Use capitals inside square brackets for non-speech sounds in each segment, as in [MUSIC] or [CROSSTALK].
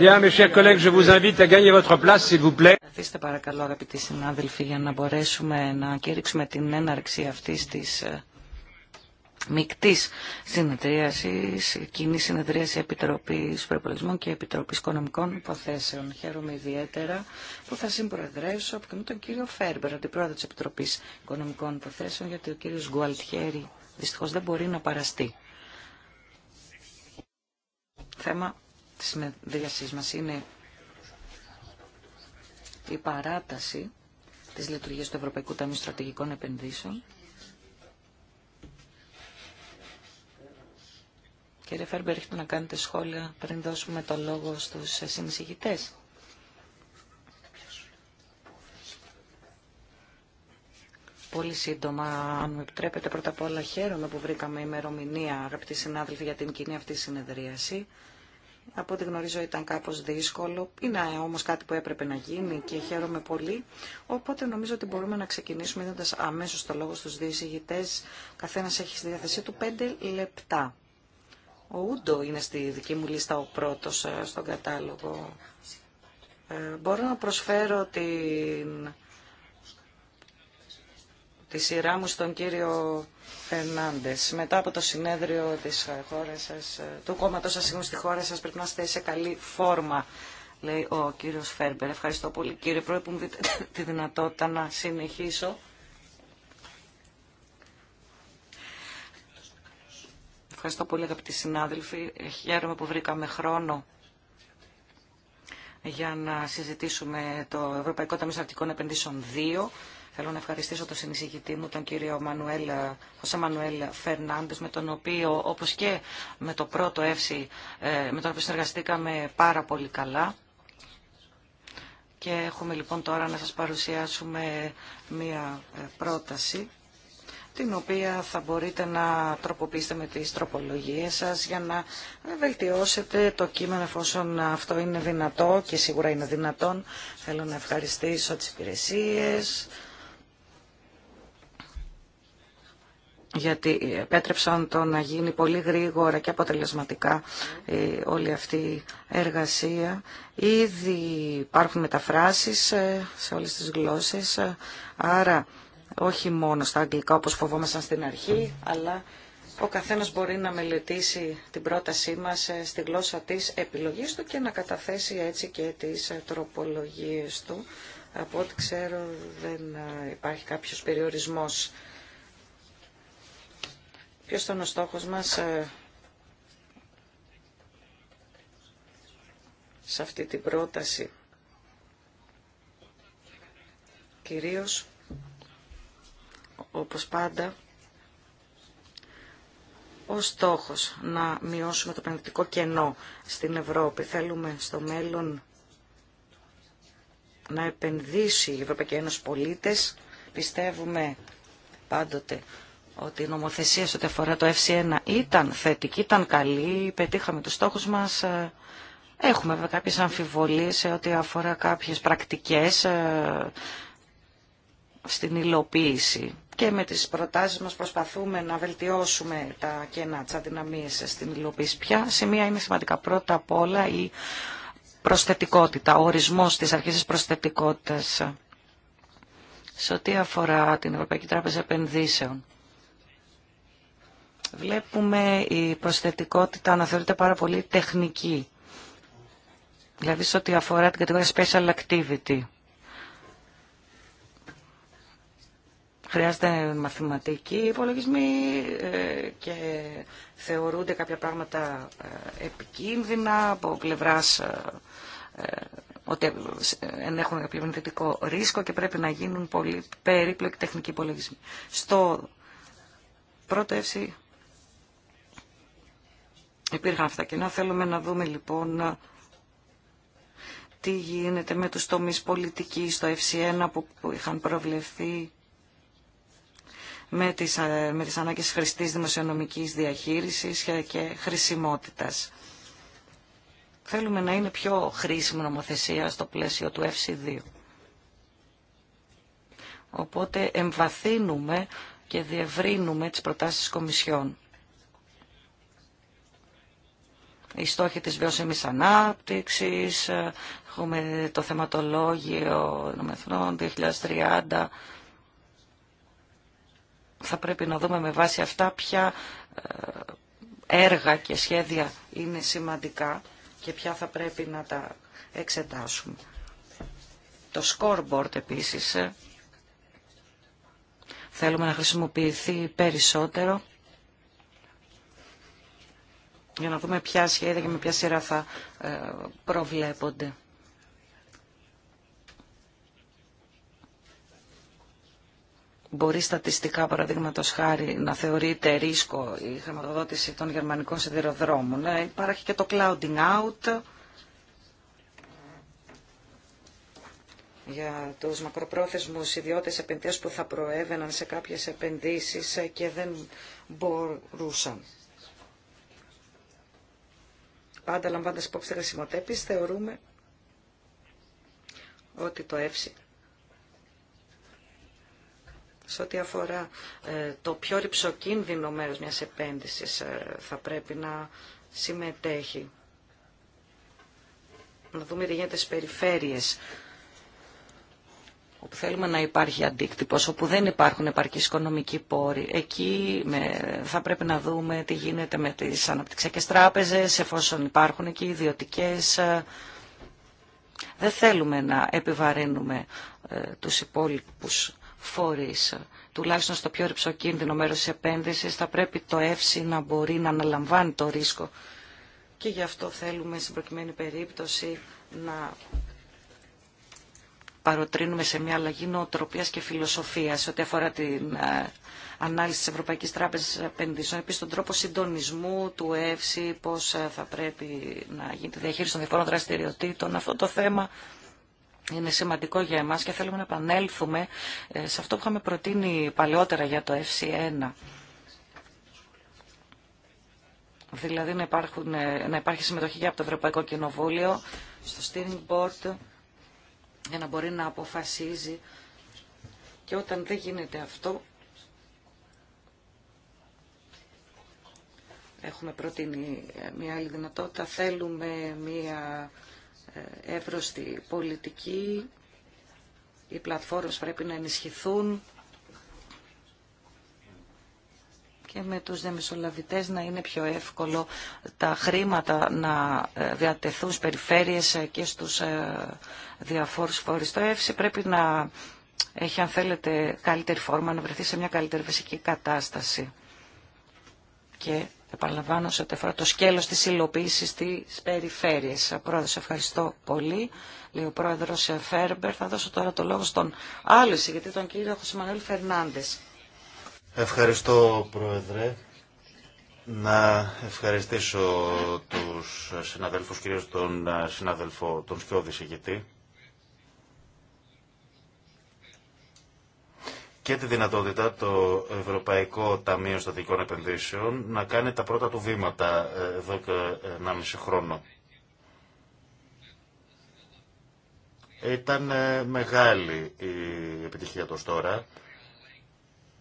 Bien, mes chers collègues, je vous invite à gagner votre place, s'il vous plaît. Καθίστε παρακαλώ, αγαπητοί συνάδελφοι, για να μπορέσουμε να κήρυξουμε την έναρξη αυτής της ε, μεικτής συνεδρίασης, κοινή συνεδρίαση Επιτροπής Προπολισμών και Επιτροπής Οικονομικών Υποθέσεων. Χαίρομαι ιδιαίτερα που θα συμπροεδρεύσω από τον κύριο Φέρμπερ, αντιπρόεδρο τη Επιτροπής Οικονομικών Υποθέσεων, γιατί ο κύριος Γκουαλτιέρη δυστυχώς δεν μπορεί να παραστεί θέμα της συνεδρίασής μας είναι η παράταση της λειτουργίας του Ευρωπαϊκού Ταμείου Στρατηγικών Επενδύσεων. Κύριε Φέρμπερ, έχετε να κάνετε σχόλια πριν δώσουμε το λόγο στους συνεισηγητές. Πολύ σύντομα, αν μου επιτρέπετε, πρώτα απ' όλα χαίρομαι που βρήκαμε ημερομηνία, αγαπητοί συνάδελφοι, για την κοινή αυτή συνεδρίαση από ό,τι γνωρίζω ήταν κάπως δύσκολο. Είναι όμως κάτι που έπρεπε να γίνει και χαίρομαι πολύ. Οπότε νομίζω ότι μπορούμε να ξεκινήσουμε δίνοντας αμέσως το λόγο στους δύο εισηγητές. Καθένας έχει στη διάθεσή του πέντε λεπτά. Ο Ούντο είναι στη δική μου λίστα ο πρώτος ε, στον κατάλογο. Ε, μπορώ να προσφέρω την τη σειρά μου στον κύριο Φερνάντε. Μετά από το συνέδριο της ε, χώρας σας, ε, του κόμματος σας στη χώρα σας πρέπει να είστε σε καλή φόρμα, λέει ο κύριος Φέρμπερ. Ευχαριστώ πολύ κύριε Πρόεδρε που μου δείτε [COUGHS] τη δυνατότητα να συνεχίσω. Ευχαριστώ πολύ αγαπητοί συνάδελφοι. Ε, χαίρομαι που βρήκαμε χρόνο για να συζητήσουμε το Ευρωπαϊκό Ταμείο Στρατικών Επενδύσεων 2 Θέλω να ευχαριστήσω τον συνεισηγητή μου, τον κύριο Μανουέλ, Χωσέ Μανουέλ Φερνάντες, με τον οποίο, όπως και με το πρώτο εύση, ε, με τον οποίο συνεργαστήκαμε πάρα πολύ καλά. Και έχουμε λοιπόν τώρα να σας παρουσιάσουμε μία ε, πρόταση την οποία θα μπορείτε να τροποποιήσετε με τις τροπολογίες σας για να ε, βελτιώσετε το κείμενο εφόσον αυτό είναι δυνατό και σίγουρα είναι δυνατόν. Θέλω να ευχαριστήσω τις υπηρεσίες, γιατί επέτρεψαν το να γίνει πολύ γρήγορα και αποτελεσματικά ε, όλη αυτή η εργασία. Ήδη υπάρχουν μεταφράσεις ε, σε όλες τις γλώσσες, ε, άρα όχι μόνο στα αγγλικά όπως φοβόμασταν στην αρχή, αλλά ο καθένας μπορεί να μελετήσει την πρότασή μας στη γλώσσα της επιλογής του και να καταθέσει έτσι και τις τροπολογίες του. Από ό,τι ξέρω δεν υπάρχει κάποιος περιορισμός Ποιο ήταν ο στόχος μας ε, σε αυτή την πρόταση. Κυρίως, όπως πάντα, ο στόχος να μειώσουμε το πνευματικό κενό στην Ευρώπη. Θέλουμε στο μέλλον να επενδύσει η Ευρωπαϊκή Ένωση πολίτες. Πιστεύουμε πάντοτε ότι η νομοθεσία σε ό,τι αφορά το FC1 ήταν θετική, ήταν καλή, πετύχαμε τους στόχους μας. Ε, έχουμε βέβαια κάποιες αμφιβολίες σε ό,τι αφορά κάποιες πρακτικές ε, στην υλοποίηση. Και με τις προτάσεις μας προσπαθούμε να βελτιώσουμε τα κενά, τις αδυναμίες στην υλοποίηση. Ποια σημεία είναι σημαντικά. Πρώτα απ' όλα η προσθετικότητα, ο ορισμός της αρχής της προσθετικότητας ε, σε ό,τι αφορά την Ευρωπαϊκή Τράπεζα Επενδύσεων. Βλέπουμε η προσθετικότητα να θεωρείται πάρα πολύ τεχνική. Δηλαδή σε ό,τι αφορά την κατηγορία special activity. Χρειάζεται μαθηματική υπολογισμοί ε, και θεωρούνται κάποια πράγματα ε, επικίνδυνα από πλευράς ε, ότι ενέχουν κάποιο επενδυτικό ρίσκο και πρέπει να γίνουν πολύ περίπλοκοι τεχνικοί υπολογισμοί. Στο πρώτο εύση Υπήρχαν αυτά κενά. Θέλουμε να δούμε λοιπόν τι γίνεται με τους τομείς πολιτικής στο FC1 που είχαν προβλεφθεί με τις, ε, με τις ανάγκες χρηστής δημοσιονομικής διαχείρισης και χρησιμότητας. Θέλουμε να είναι πιο χρήσιμη νομοθεσία στο πλαίσιο του FC2. Οπότε εμβαθύνουμε και διευρύνουμε τις προτάσεις Κομισιόν. οι στόχοι της βιώσιμης ανάπτυξης, ε, έχουμε το θεματολόγιο 2030. Θα πρέπει να δούμε με βάση αυτά ποια ε, έργα και σχέδια είναι σημαντικά και ποια θα πρέπει να τα εξετάσουμε. Το scoreboard επίσης ε, θέλουμε να χρησιμοποιηθεί περισσότερο για να δούμε ποια σχέδια και με ποια σειρά θα ε, προβλέπονται. Μπορεί στατιστικά, παραδείγματο χάρη, να θεωρείται ρίσκο η χρηματοδότηση των γερμανικών σιδηροδρόμων. Ε, υπάρχει και το clouding out για τους μακροπρόθεσμους ιδιώτες επενδύσεις που θα προέβαιναν σε κάποιες επενδύσεις και δεν μπορούσαν πάντα λαμβάνοντα υπόψη τη θεωρούμε ότι το ΕΦΣΙ σε ό,τι αφορά ε, το πιο ρηψοκίνδυνο μέρος μιας επένδυσης ε, θα πρέπει να συμμετέχει. Να δούμε τι γίνεται στις περιφέρειες όπου θέλουμε να υπάρχει αντίκτυπος, όπου δεν υπάρχουν επαρκείς οικονομικοί πόροι. Εκεί με, θα πρέπει να δούμε τι γίνεται με τις αναπτυξιακές τράπεζες, εφόσον υπάρχουν εκεί ιδιωτικέ. Ε, δεν θέλουμε να επιβαρύνουμε ε, τους υπόλοιπους φορείς. Τουλάχιστον στο πιο ρηψοκίνδυνο μέρος της επένδυσης θα πρέπει το ΕΦΣΥ να μπορεί να αναλαμβάνει το ρίσκο. Και γι' αυτό θέλουμε στην προκειμένη περίπτωση να παροτρύνουμε σε μια αλλαγή νοοτροπίας και φιλοσοφίας ό,τι αφορά την ε, ανάλυση της Ευρωπαϊκής Τράπεζας Επενδύσεων, επίσης τον τρόπο συντονισμού του ΕΦΣΥ, πώς ε, θα πρέπει να τη διαχείριση των διαφόρων δραστηριοτήτων. Αυτό το θέμα είναι σημαντικό για εμάς και θέλουμε να επανέλθουμε ε, σε αυτό που είχαμε προτείνει παλαιότερα για το FC1. Δηλαδή να, υπάρχουν, να υπάρχει συμμετοχή και από το Ευρωπαϊκό Κοινοβούλιο στο Steering Board για να μπορεί να αποφασίζει και όταν δεν γίνεται αυτό έχουμε προτείνει μια άλλη δυνατότητα θέλουμε μια ε, εύρωστη πολιτική οι πλατφόρμες πρέπει να ενισχυθούν και με τους δεμεσολαβητές να είναι πιο εύκολο τα χρήματα να ε, διατεθούν στις περιφέρειες ε, και στους ε, διαφόρους φορείς. Το ΕΦΣΙ πρέπει να έχει, αν θέλετε, καλύτερη φόρμα, να βρεθεί σε μια καλύτερη φυσική κατάσταση. Και επαναλαμβάνω σε ό,τι αφορά το σκέλος της υλοποίησης στις περιφέρειες. σε ευχαριστώ πολύ. Λέει ο πρόεδρος Φέρμπερ. Θα δώσω τώρα το λόγο στον άλλο εισηγητή, τον κύριο Χωσημανέλ Φερνάντες. Ευχαριστώ, Πρόεδρε. Να ευχαριστήσω τους συναδέλφους, κυρίως τον ε, συνάδελφο, τον Σκιώδη Συγητή. και τη δυνατότητα το Ευρωπαϊκό Ταμείο Στατικών Επενδύσεων να κάνει τα πρώτα του βήματα ε, εδώ και μισή χρόνο. Ήταν ε, μεγάλη η επιτυχία του τώρα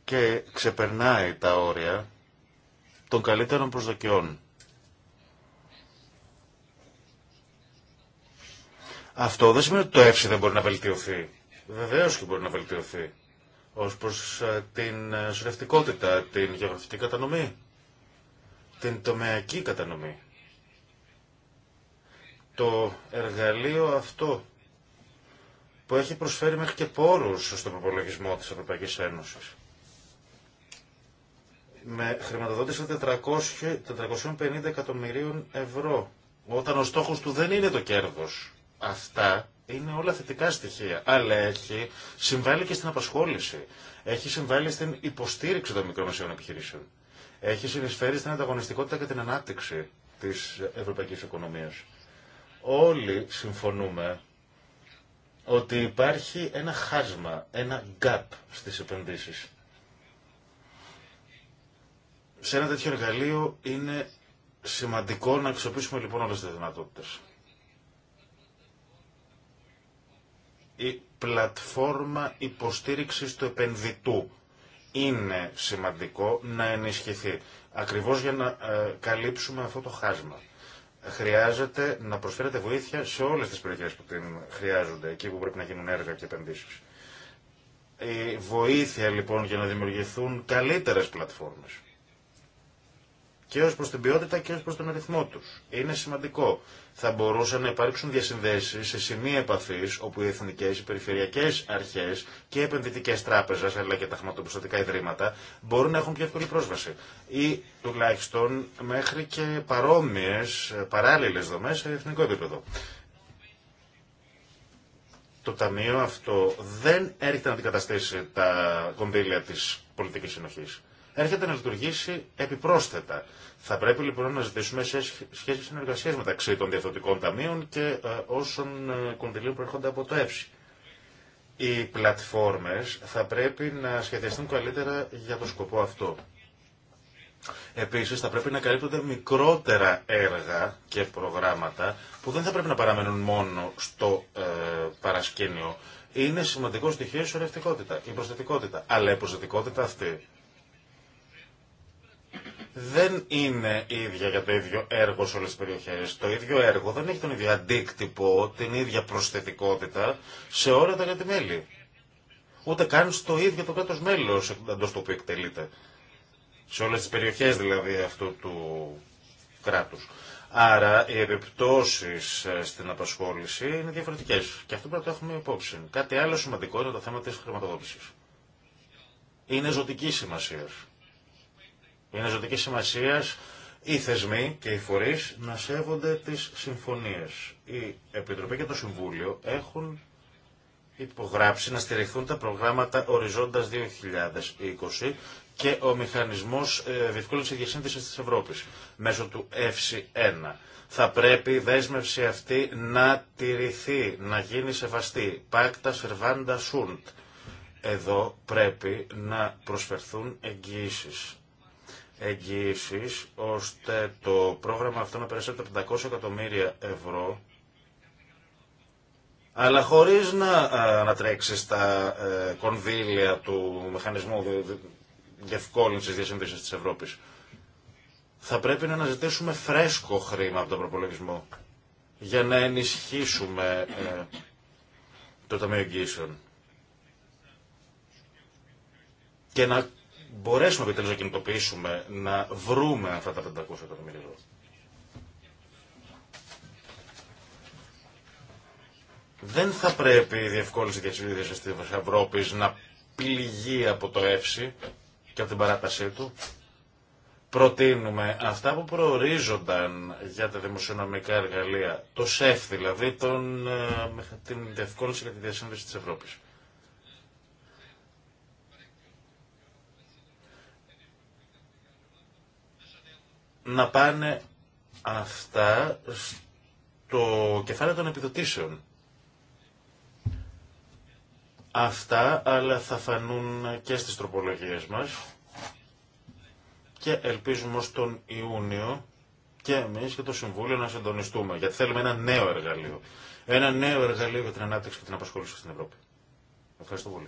και ξεπερνάει τα όρια των καλύτερων προσδοκιών. Αυτό δεν σημαίνει ότι το εύση δεν μπορεί να βελτιωθεί. Βεβαίω και μπορεί να βελτιωθεί. Ω προ ε, την ε, σωρευτικότητα, την γεωγραφική κατανομή, την τομεακή κατανομή. Το εργαλείο αυτό που έχει προσφέρει μέχρι και πόρους στον προπολογισμό της Ευρωπαϊκής Ένωσης με χρηματοδότηση 400, 450 εκατομμυρίων ευρώ. Όταν ο στόχος του δεν είναι το κέρδος. Αυτά είναι όλα θετικά στοιχεία. Αλλά έχει συμβάλει και στην απασχόληση. Έχει συμβάλει στην υποστήριξη των μικρομεσαίων επιχειρήσεων. Έχει συνεισφέρει στην ανταγωνιστικότητα και την ανάπτυξη της ευρωπαϊκής οικονομίας. Όλοι συμφωνούμε ότι υπάρχει ένα χάσμα, ένα gap στις επενδύσεις σε ένα τέτοιο εργαλείο είναι σημαντικό να αξιοποιήσουμε λοιπόν όλες τις δυνατότητες. Η πλατφόρμα υποστήριξης του επενδυτού είναι σημαντικό να ενισχυθεί. Ακριβώς για να ε, καλύψουμε αυτό το χάσμα. Χρειάζεται να προσφέρεται βοήθεια σε όλες τις περιοχές που την χρειάζονται, εκεί που πρέπει να γίνουν έργα και επενδύσεις. Η βοήθεια λοιπόν για να δημιουργηθούν καλύτερες πλατφόρμες και ω προ την ποιότητα και ω προ τον αριθμό του. Είναι σημαντικό. Θα μπορούσαν να υπάρξουν διασυνδέσει σε σημεία επαφή όπου οι εθνικέ, οι περιφερειακέ αρχέ και οι επενδυτικέ τράπεζε αλλά και τα χρηματοπιστωτικά ιδρύματα μπορούν να έχουν πιο εύκολη πρόσβαση. Ή τουλάχιστον μέχρι και παρόμοιε, παράλληλε δομέ σε εθνικό επίπεδο. Το Ταμείο αυτό δεν έρχεται να αντικαταστήσει τα κονδύλια τη πολιτική συνοχή έρχεται να λειτουργήσει επιπρόσθετα. Θα πρέπει λοιπόν να ζητήσουμε σε σχέση συνεργασία μεταξύ των διαθωτικών ταμείων και ε, όσων ε, κονδυλίων προέρχονται από το ΕΨΙ. Οι πλατφόρμες θα πρέπει να σχεδιαστούν καλύτερα για το σκοπό αυτό. Επίσης θα πρέπει να καλύπτονται μικρότερα έργα και προγράμματα που δεν θα πρέπει να παραμένουν μόνο στο ε, παρασκήνιο. Είναι σημαντικό στοιχείο η σωρευτικότητα, η προσθετικότητα. Αλλά η προσθετικότητα αυτή δεν είναι ίδια για το ίδιο έργο σε όλε τι περιοχέ. Το ίδιο έργο δεν έχει τον ίδιο αντίκτυπο, την ίδια προσθετικότητα σε όλα τα κράτη-μέλη. Ούτε καν στο ίδιο το κράτο μέλο εντό το οποίο εκτελείται. Σε όλε τι περιοχέ δηλαδή αυτού του κράτου. Άρα οι επιπτώσει ε, στην απασχόληση είναι διαφορετικέ. Και αυτό πρέπει να το έχουμε υπόψη. Κάτι άλλο σημαντικό είναι το θέμα τη χρηματοδότηση. Είναι ζωτική σημασία. Είναι ζωτική σημασία οι θεσμοί και οι φορεί να σέβονται τι συμφωνίε. Η Επιτροπή και το Συμβούλιο έχουν υπογράψει να στηριχθούν τα προγράμματα Οριζόντας 2020 και ο μηχανισμός Διευκόλυνση διευκόλυνσης διασύνδεσης της Ευρώπης μέσω του ΕΦΣΙ 1 Θα πρέπει η δέσμευση αυτή να τηρηθεί, να γίνει σεβαστή. Πάκτα Σερβάντα Σούντ. Εδώ πρέπει να προσφερθούν εγγυήσεις εγγύησης ώστε το πρόγραμμα αυτό να περάσει από τα 500 εκατομμύρια ευρώ αλλά χωρίς να ανατρέξει ε, στα ε, κονδύλια του μηχανισμού διευκόλυνσης διασύνδεσης της Ευρώπης. Θα πρέπει να αναζητήσουμε φρέσκο χρήμα από τον προπολογισμό για να ενισχύσουμε ε, το Ταμείο Εγγύσεων. Και να μπορέσουμε επιτέλου να κινητοποιήσουμε, να βρούμε αυτά τα 500 εκατομμύρια ευρώ. Δεν θα πρέπει η διευκόλυνση και τη της Ευρώπης να πληγεί από το ΕΦΣΙ και από την παράτασή του. Προτείνουμε αυτά που προορίζονταν για τα δημοσιονομικά εργαλεία, το ΣΕΦ δηλαδή, τον, ε, την διευκόλυνση για τη διασύνδεση της Ευρώπης. να πάνε αυτά στο κεφάλαιο των επιδοτήσεων. Αυτά, αλλά θα φανούν και στις τροπολογίες μας και ελπίζουμε ως τον Ιούνιο και εμείς και το Συμβούλιο να συντονιστούμε, γιατί θέλουμε ένα νέο εργαλείο. Ένα νέο εργαλείο για την ανάπτυξη και την απασχόληση στην Ευρώπη. Ευχαριστώ πολύ.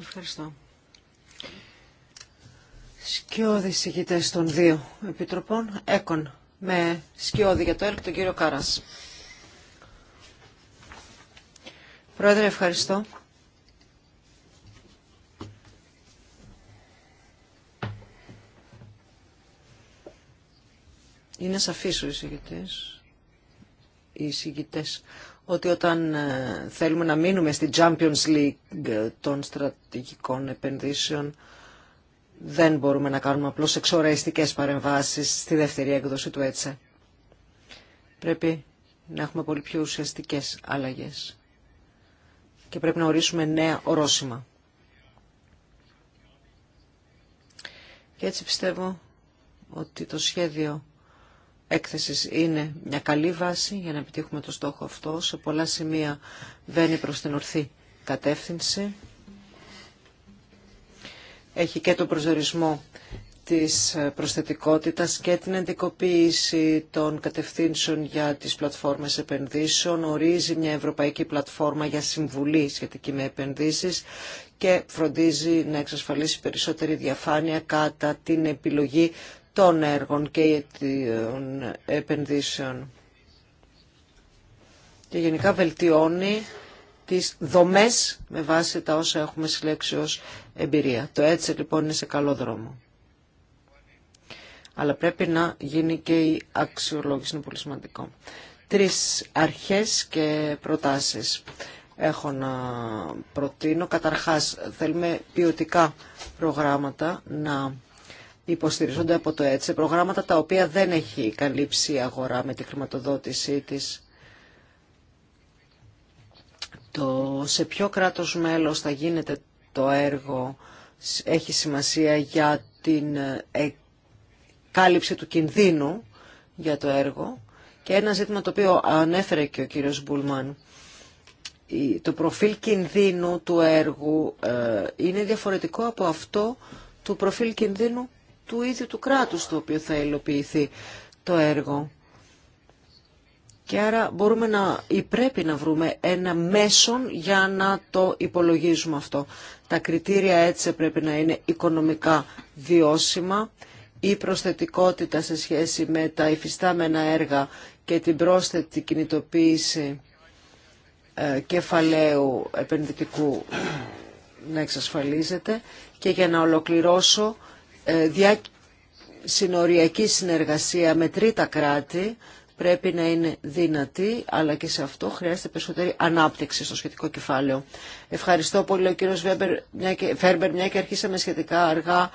Ευχαριστώ. Σκιώδη ηγητέ των δύο επιτροπών, έκον με σκιώδη για το έργο τον κύριο Κάρας. Πρόεδρε, ευχαριστώ. Είναι σαφής ο εισηγητής, οι εισηγητές ότι όταν ε, θέλουμε να μείνουμε στη Champions League ε, των στρατηγικών επενδύσεων δεν μπορούμε να κάνουμε απλώς εξοραϊστικές παρεμβάσεις στη δεύτερη έκδοση του ΕΤΣΕ. Πρέπει να έχουμε πολύ πιο ουσιαστικές αλλαγές και πρέπει να ορίσουμε νέα ορόσημα. Και έτσι πιστεύω ότι το σχέδιο έκθεσης είναι μια καλή βάση για να επιτύχουμε το στόχο αυτό. Σε πολλά σημεία βαίνει προς την ορθή κατεύθυνση. Έχει και τον προσδορισμό της προσθετικότητας και την εντικοποίηση των κατευθύνσεων για τις πλατφόρμες επενδύσεων, ορίζει μια ευρωπαϊκή πλατφόρμα για συμβουλή σχετική με επενδύσεις και φροντίζει να εξασφαλίσει περισσότερη διαφάνεια κατά την επιλογή των έργων και των επενδύσεων. Και γενικά βελτιώνει τις δομές με βάση τα όσα έχουμε συλλέξει ως εμπειρία. Το έτσι λοιπόν είναι σε καλό δρόμο. Αλλά πρέπει να γίνει και η αξιολόγηση, είναι πολύ σημαντικό. Τρεις αρχές και προτάσεις έχω να προτείνω. Καταρχάς θέλουμε ποιοτικά προγράμματα να υποστηρίζονται από το ΕΤΣΕ, προγράμματα τα οποία δεν έχει καλύψει η αγορά με τη χρηματοδότησή της. Το σε ποιο κράτος μέλος θα γίνεται το έργο έχει σημασία για την ε, κάλυψη του κινδύνου για το έργο και ένα ζήτημα το οποίο ανέφερε και ο κύριος Μπούλμαν. Το προφίλ κινδύνου του έργου ε, είναι διαφορετικό από αυτό του προφίλ κινδύνου του ίδιου του κράτους το οποίο θα υλοποιηθεί το έργο. Και άρα μπορούμε να ή πρέπει να βρούμε ένα μέσον για να το υπολογίζουμε αυτό. Τα κριτήρια έτσι πρέπει να είναι οικονομικά βιώσιμα, η προσθετικότητα σε σχέση με τα υφιστάμενα έργα και την πρόσθετη κινητοποίηση ε, κεφαλαίου επενδυτικού να εξασφαλίζεται. Και για να ολοκληρώσω, ε, δια... συνοριακή συνεργασία με τρίτα κράτη πρέπει να είναι δυνατή, αλλά και σε αυτό χρειάζεται περισσότερη ανάπτυξη στο σχετικό κεφάλαιο. Ευχαριστώ πολύ ο κύριος Βέμπερ, Φέρμπερ, μια και αρχίσαμε σχετικά αργά.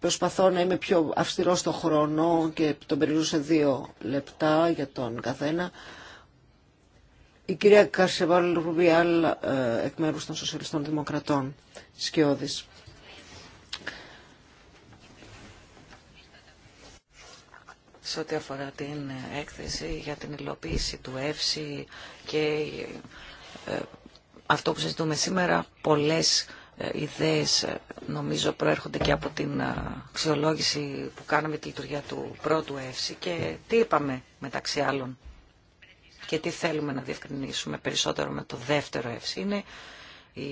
προσπαθώ να είμαι πιο αυστηρό στο χρόνο και τον περιλούσε δύο λεπτά για τον καθένα. Η κυρία Καρσεβάλ Ρουβιάλ, ε, εκ μέρους των Σοσιαλιστών Δημοκρατών, Σκιώδης. Σε ό,τι αφορά την έκθεση για την υλοποίηση του ΕΦΣΥ και ε, αυτό που συζητούμε σήμερα, πολλές ε, ιδέες νομίζω προέρχονται και από την αξιολόγηση που κάναμε τη λειτουργία του πρώτου ΕΦΣΥ και τι είπαμε μεταξύ άλλων και τι θέλουμε να διευκρινίσουμε περισσότερο με το δεύτερο εύση. Είναι η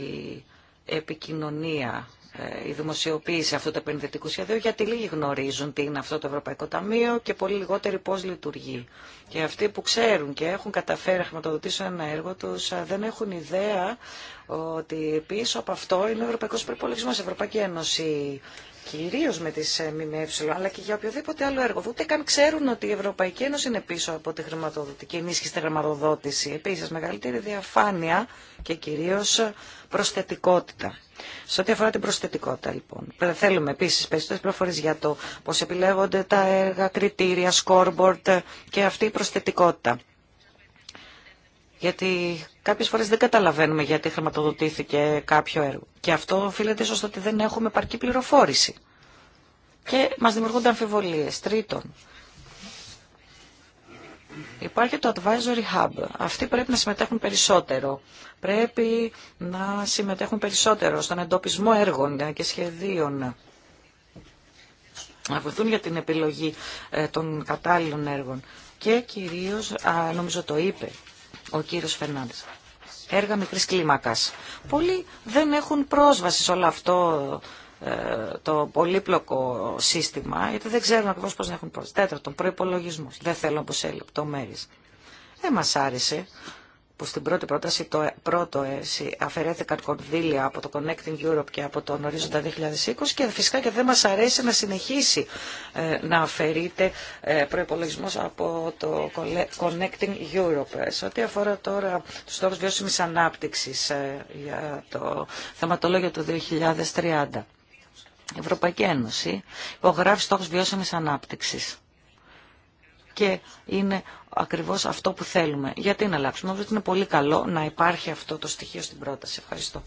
επικοινωνία, ε, η δημοσιοποίηση αυτού του επενδυτικού σχεδίου, γιατί λίγοι γνωρίζουν τι είναι αυτό το Ευρωπαϊκό Ταμείο και πολύ λιγότεροι πώς λειτουργεί. Και αυτοί που ξέρουν και έχουν καταφέρει να χρηματοδοτήσουν ένα έργο τους ε, δεν έχουν ιδέα ότι πίσω από αυτό είναι ο Ευρωπαϊκός Προπολογισμός, η Ευρωπαϊκή Ένωση κυρίως με τις ε, ΜΜΕ, αλλά και για οποιοδήποτε άλλο έργο. Ούτε καν ξέρουν ότι η Ευρωπαϊκή Ένωση είναι πίσω από τη χρηματοδοτική ενίσχυση στη χρηματοδότηση. Επίσης, μεγαλύτερη διαφάνεια και κυρίως προσθετικότητα. Σε ό,τι αφορά την προσθετικότητα, λοιπόν. Ε, θέλουμε επίση περισσότερε πληροφορίε για το πώ επιλέγονται τα έργα, κριτήρια, scoreboard ε, και αυτή η προσθετικότητα γιατί κάποιες φορές δεν καταλαβαίνουμε γιατί χρηματοδοτήθηκε κάποιο έργο. Και αυτό οφείλεται ίσως ότι δεν έχουμε επαρκή πληροφόρηση. Και μας δημιουργούνται αμφιβολίε. Τρίτον, Υπάρχει το Advisory Hub. Αυτοί πρέπει να συμμετέχουν περισσότερο. Πρέπει να συμμετέχουν περισσότερο στον εντοπισμό έργων και σχεδίων. Να βοηθούν για την επιλογή ε, των κατάλληλων έργων. Και κυρίως, νομίζω το είπε ο κύριος Φερνάντες. Έργα μικρής κλίμακας. Πολλοί δεν έχουν πρόσβαση σε όλο αυτό ε, το πολύπλοκο σύστημα, γιατί δεν ξέρουν ακριβώς πώς να έχουν πρόσβαση. Τέταρτον, προϋπολογισμούς. Δεν θέλω όπως σε λεπτομέρειες. Δεν μας άρεσε που στην πρώτη πρόταση, το ε, πρώτο ΕΣΥ, αφαιρέθηκαν κονδύλια από το Connecting Europe και από τον ορίζοντα 2020 και φυσικά και δεν μας αρέσει να συνεχίσει ε, να αφαιρείται ε, προϋπολογισμός από το Connecting Europe. Ε, σε ό,τι αφορά τώρα τους στόχους βιώσιμης ανάπτυξης για το θεματολόγιο του 2030. Η Ευρωπαϊκή Ένωση υπογράφει στόχους βιώσιμης ανάπτυξης και είναι ακριβώς αυτό που θέλουμε. Γιατί να αλλάξουμε. Νομίζω ότι είναι πολύ καλό να υπάρχει αυτό το στοιχείο στην πρόταση. Ευχαριστώ.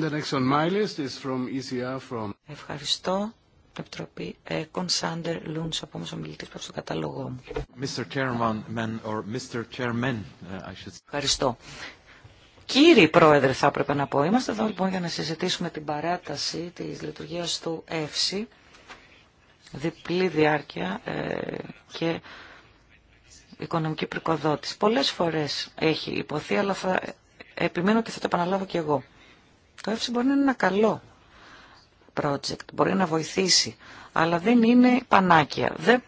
E Ευχαριστώ. Επιτροπή όμως προς τον κατάλογό μου. Uh, Ευχαριστώ. Κύριε Πρόεδρε θα έπρεπε να πω, είμαστε εδώ λοιπόν για να συζητήσουμε την παράταση της λειτουργίας του ΕΦΣΥ διπλή διάρκεια ε, και οικονομική πρικοδότηση. Πολλές φορές έχει υποθεί, αλλά θα επιμένω και θα το επαναλάβω και εγώ. Το ΕΦΣΙ μπορεί να είναι ένα καλό project, μπορεί να βοηθήσει, αλλά δεν είναι πανάκια. Δεν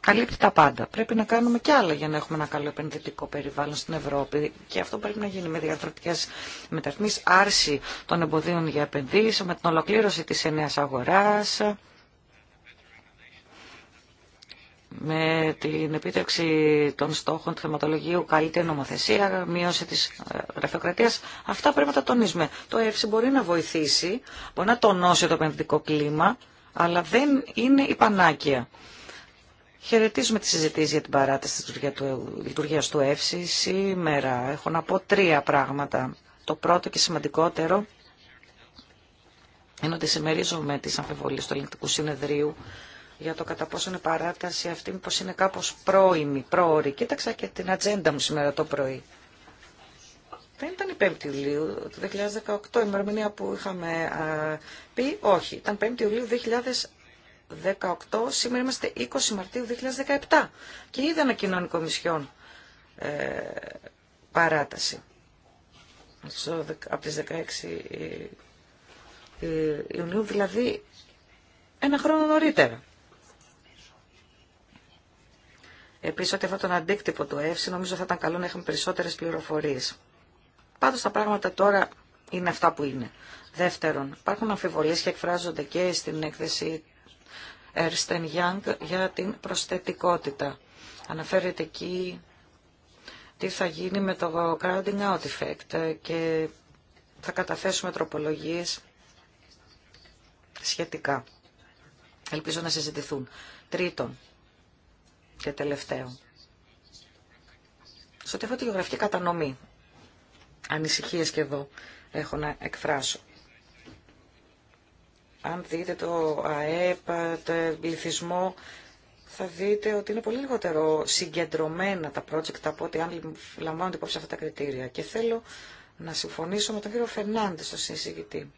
καλύπτει τα πάντα. Πρέπει να κάνουμε και άλλα για να έχουμε ένα καλό επενδυτικό περιβάλλον στην Ευρώπη. Και αυτό πρέπει να γίνει με διαρθρωτικέ μεταρρυθμίσει, άρση των εμποδίων για επενδύσει, με την ολοκλήρωση τη εννέα αγορά, με την επίτευξη των στόχων του θεματολογίου, καλύτερη νομοθεσία, μείωση της ε, γραφειοκρατίας. Αυτά πρέπει να τα τονίζουμε. Το ΕΦΣΙ μπορεί να βοηθήσει, μπορεί να τονώσει το επενδυτικό κλίμα, αλλά δεν είναι η πανάκια. Χαιρετίζουμε τις συζητήσεις για την παράταση της λειτουργίας του ΕΦΣΙ. Σήμερα έχω να πω τρία πράγματα. Το πρώτο και σημαντικότερο είναι ότι συμμερίζομαι τις αμφιβολίες του Ελληνικού συνεδρίου για το κατά πόσο είναι παράταση αυτή, πως είναι κάπως πρόημη, πρόωρη. Κοίταξα και την ατζέντα μου σήμερα το πρωί. Δεν ήταν η 5η Ιουλίου του 2018 η ημερομηνία που είχαμε πει. Όχι, ήταν 5η Ιουλίου 2018, σήμερα είμαστε 20 Μαρτίου 2017. Και είδα ανακοινώνει κομισιόν ε, παράταση. Από τις 16 ε, ε, Ιουνίου, δηλαδή ένα χρόνο νωρίτερα. Επίσης, ό,τι αυτό τον αντίκτυπο του ΕΦΣΙ, νομίζω θα ήταν καλό να έχουμε περισσότερες πληροφορίες. Πάντως, τα πράγματα τώρα είναι αυτά που είναι. Δεύτερον, υπάρχουν αμφιβολίες και εκφράζονται και στην έκθεση Ersten Young για την προσθετικότητα. Αναφέρεται εκεί τι θα γίνει με το crowding out effect και θα καταθέσουμε τροπολογίες σχετικά. Ελπίζω να συζητηθούν. Τρίτον, και τελευταίο. Στο ό,τι τη γεωγραφική κατανομή, ανησυχίες και εδώ έχω να εκφράσω. Αν δείτε το ΑΕΠ, το πληθυσμό, θα δείτε ότι είναι πολύ λιγότερο συγκεντρωμένα τα project από ότι αν λαμβάνονται υπόψη αυτά τα κριτήρια. Και θέλω να συμφωνήσω με τον κύριο Φερνάντε, τον συζητητή.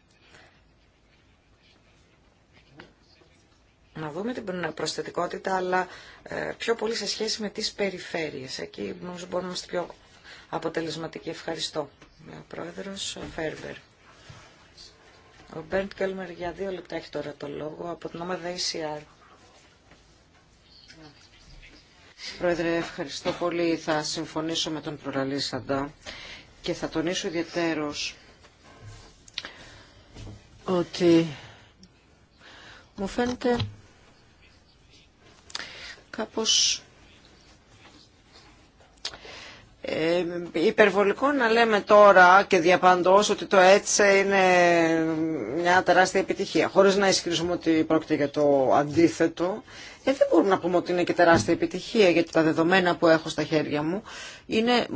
να δούμε την προσθετικότητα, αλλά ε, πιο πολύ σε σχέση με τις περιφέρειες. Εκεί νομίζω μπορούμε να είμαστε πιο αποτελεσματικοί. Ευχαριστώ. Ο πρόεδρος Φέρμπερ. Ο Μπέρντ Κέλμερ για δύο λεπτά έχει τώρα το λόγο από την ομάδα ACR. Πρόεδρε, ευχαριστώ πολύ. Θα συμφωνήσω με τον προλαλήσαντα και θα τονίσω ιδιαίτερος ότι μου φαίνεται κάπως ε, υπερβολικό να λέμε τώρα και διαπαντός ότι το έτσι είναι μια τεράστια επιτυχία. Χωρίς να ισχυρίζουμε ότι πρόκειται για το αντίθετο, ε, δεν μπορούμε να πούμε ότι είναι και τεράστια επιτυχία, γιατί τα δεδομένα που έχω στα χέρια μου είναι ε,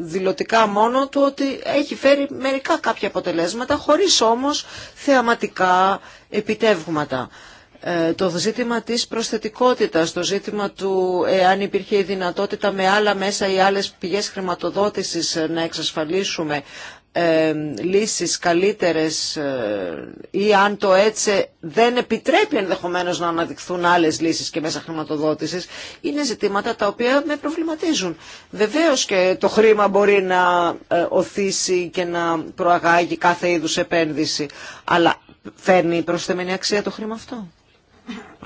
δηλωτικά μόνο του ότι έχει φέρει μερικά κάποια αποτελέσματα, χωρίς όμως θεαματικά επιτεύγματα. Ε, το ζήτημα της προσθετικότητας, το ζήτημα του εάν υπήρχε η δυνατότητα με άλλα μέσα ή άλλες πηγές χρηματοδότησης ε, να εξασφαλίσουμε ε, λύσεις καλύτερες ε, ή αν το έτσι δεν επιτρέπει ενδεχομένως να αναδειχθούν άλλες λύσεις και μέσα χρηματοδότησης είναι ζητήματα τα οποία με προβληματίζουν. Βεβαίως και το χρήμα μπορεί να οθήσει και να προαγάγει κάθε είδους επένδυση αλλά φέρνει προσθεμένη αξία το χρήμα αυτό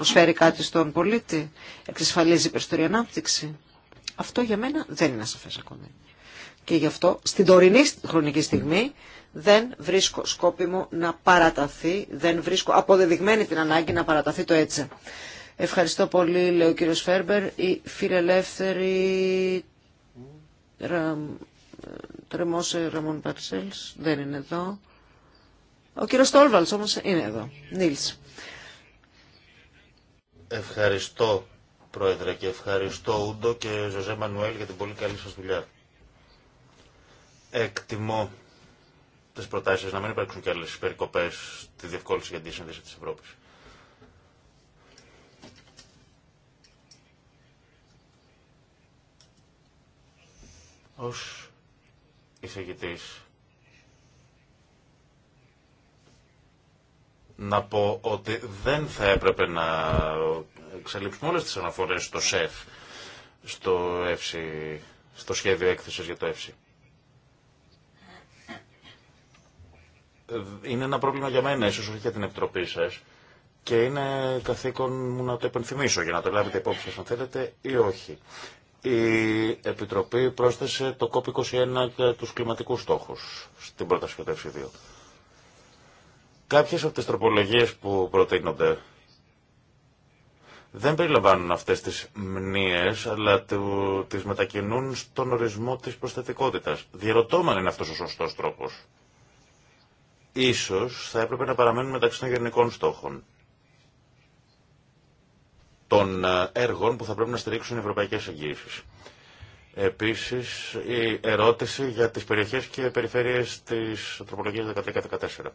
προσφέρει κάτι στον πολίτη, εξασφαλίζει περισσότερη ανάπτυξη. Αυτό για μένα δεν είναι σαφές ακόμη. Και γι' αυτό στην τωρινή χρονική στιγμή δεν βρίσκω σκόπιμο να παραταθεί, δεν βρίσκω αποδεδειγμένη την ανάγκη να παραταθεί το έτσι. Ευχαριστώ πολύ, λέει ο κύριο Φέρμπερ. Η φιλελεύθερη Τρεμόσε Ραμόν Παρσέλς δεν είναι εδώ. Ο κύριο Τόλβαλς όμω είναι εδώ. Νίλς. Ευχαριστώ, Πρόεδρε, και ευχαριστώ Ούντο και Ζωζέ Μανουέλ για την πολύ καλή σας δουλειά. Εκτιμώ τις προτάσεις να μην υπάρξουν και άλλες περικοπές στη διευκόλυνση για τη σύνδεση της Ευρώπης. Ως εισηγητής να πω ότι δεν θα έπρεπε να εξαλείψουμε όλες τις αναφορές στο ΣΕΦ, στο, ΕΦΣΥ, στο σχέδιο έκθεσης για το ΕΦΣΥ. Είναι ένα πρόβλημα για μένα, ίσως όχι για την Επιτροπή σας, και είναι καθήκον μου να το επενθυμίσω για να το λάβετε υπόψη σας αν θέλετε ή όχι. Η Επιτροπή πρόσθεσε το COP21 και τους κλιματικούς στόχους στην πρόταση ΕΦΣΙ 2. Κάποιες από τις τροπολογίες που προτείνονται δεν περιλαμβάνουν αυτές τις μνήες, αλλά τις μετακινούν στον ορισμό της προσθετικότητας. Διερωτώμαν είναι αυτός ο σωστός τρόπος. Ίσως θα έπρεπε να παραμένουν μεταξύ των γενικών στόχων των ε, έργων που θα πρέπει να στηρίξουν οι ευρωπαϊκές εγγύησεις. Επίσης, η ερώτηση για τις περιοχές και περιφέρειες της τροπολογίας 13-14.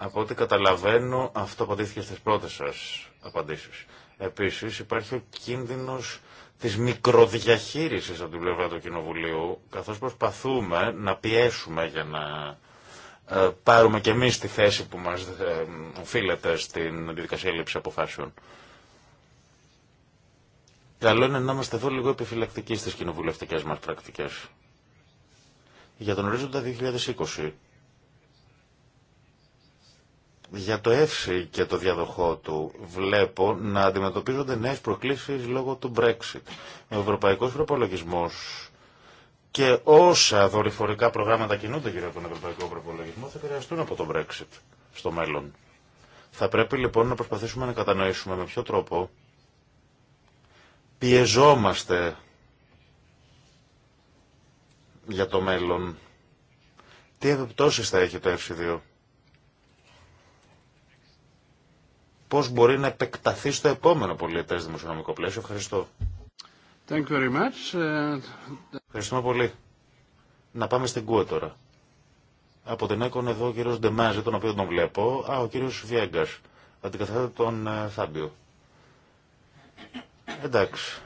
Από ό,τι καταλαβαίνω, αυτό απαντήθηκε στις πρώτες σας απαντήσεις. Επίσης, υπάρχει ο κίνδυνος της μικροδιαχείρισης από την πλευρά του Κοινοβουλίου, καθώς προσπαθούμε να πιέσουμε για να ε, πάρουμε και εμείς τη θέση που μας ε, οφείλεται στην διαδικασία λήψη αποφάσεων. Καλό είναι να είμαστε εδώ λίγο επιφυλακτικοί στις κοινοβουλευτικές μας πρακτικές. Για τον ορίζοντα 2020, για το ΕΦΣΥ και το διαδοχό του βλέπω να αντιμετωπίζονται νέες προκλήσεις λόγω του Brexit. Ο ευρωπαϊκός Προπολογισμό και όσα δορυφορικά προγράμματα κινούνται γύρω από τον ευρωπαϊκό προπολογισμό θα επηρεαστούν από το Brexit στο μέλλον. Θα πρέπει λοιπόν να προσπαθήσουμε να κατανοήσουμε με ποιο τρόπο πιεζόμαστε για το μέλλον. Τι επιπτώσεις θα έχει το ΕΦΣΥ 2 πώς μπορεί να επεκταθεί στο επόμενο πολιετές δημοσιονομικό πλαίσιο. Ευχαριστώ. Thank you very much. Ε, Ευχαριστούμε πολύ. Να πάμε στην ΚΟΕ τώρα. Από την ΕΚΟΝ εδώ ο κύριος Ντεμάζη, τον οποίο τον βλέπω. Α, ο κύριος Βιέγκας. Αντικαθέτω τον ε, Θάμπιο. Εντάξει.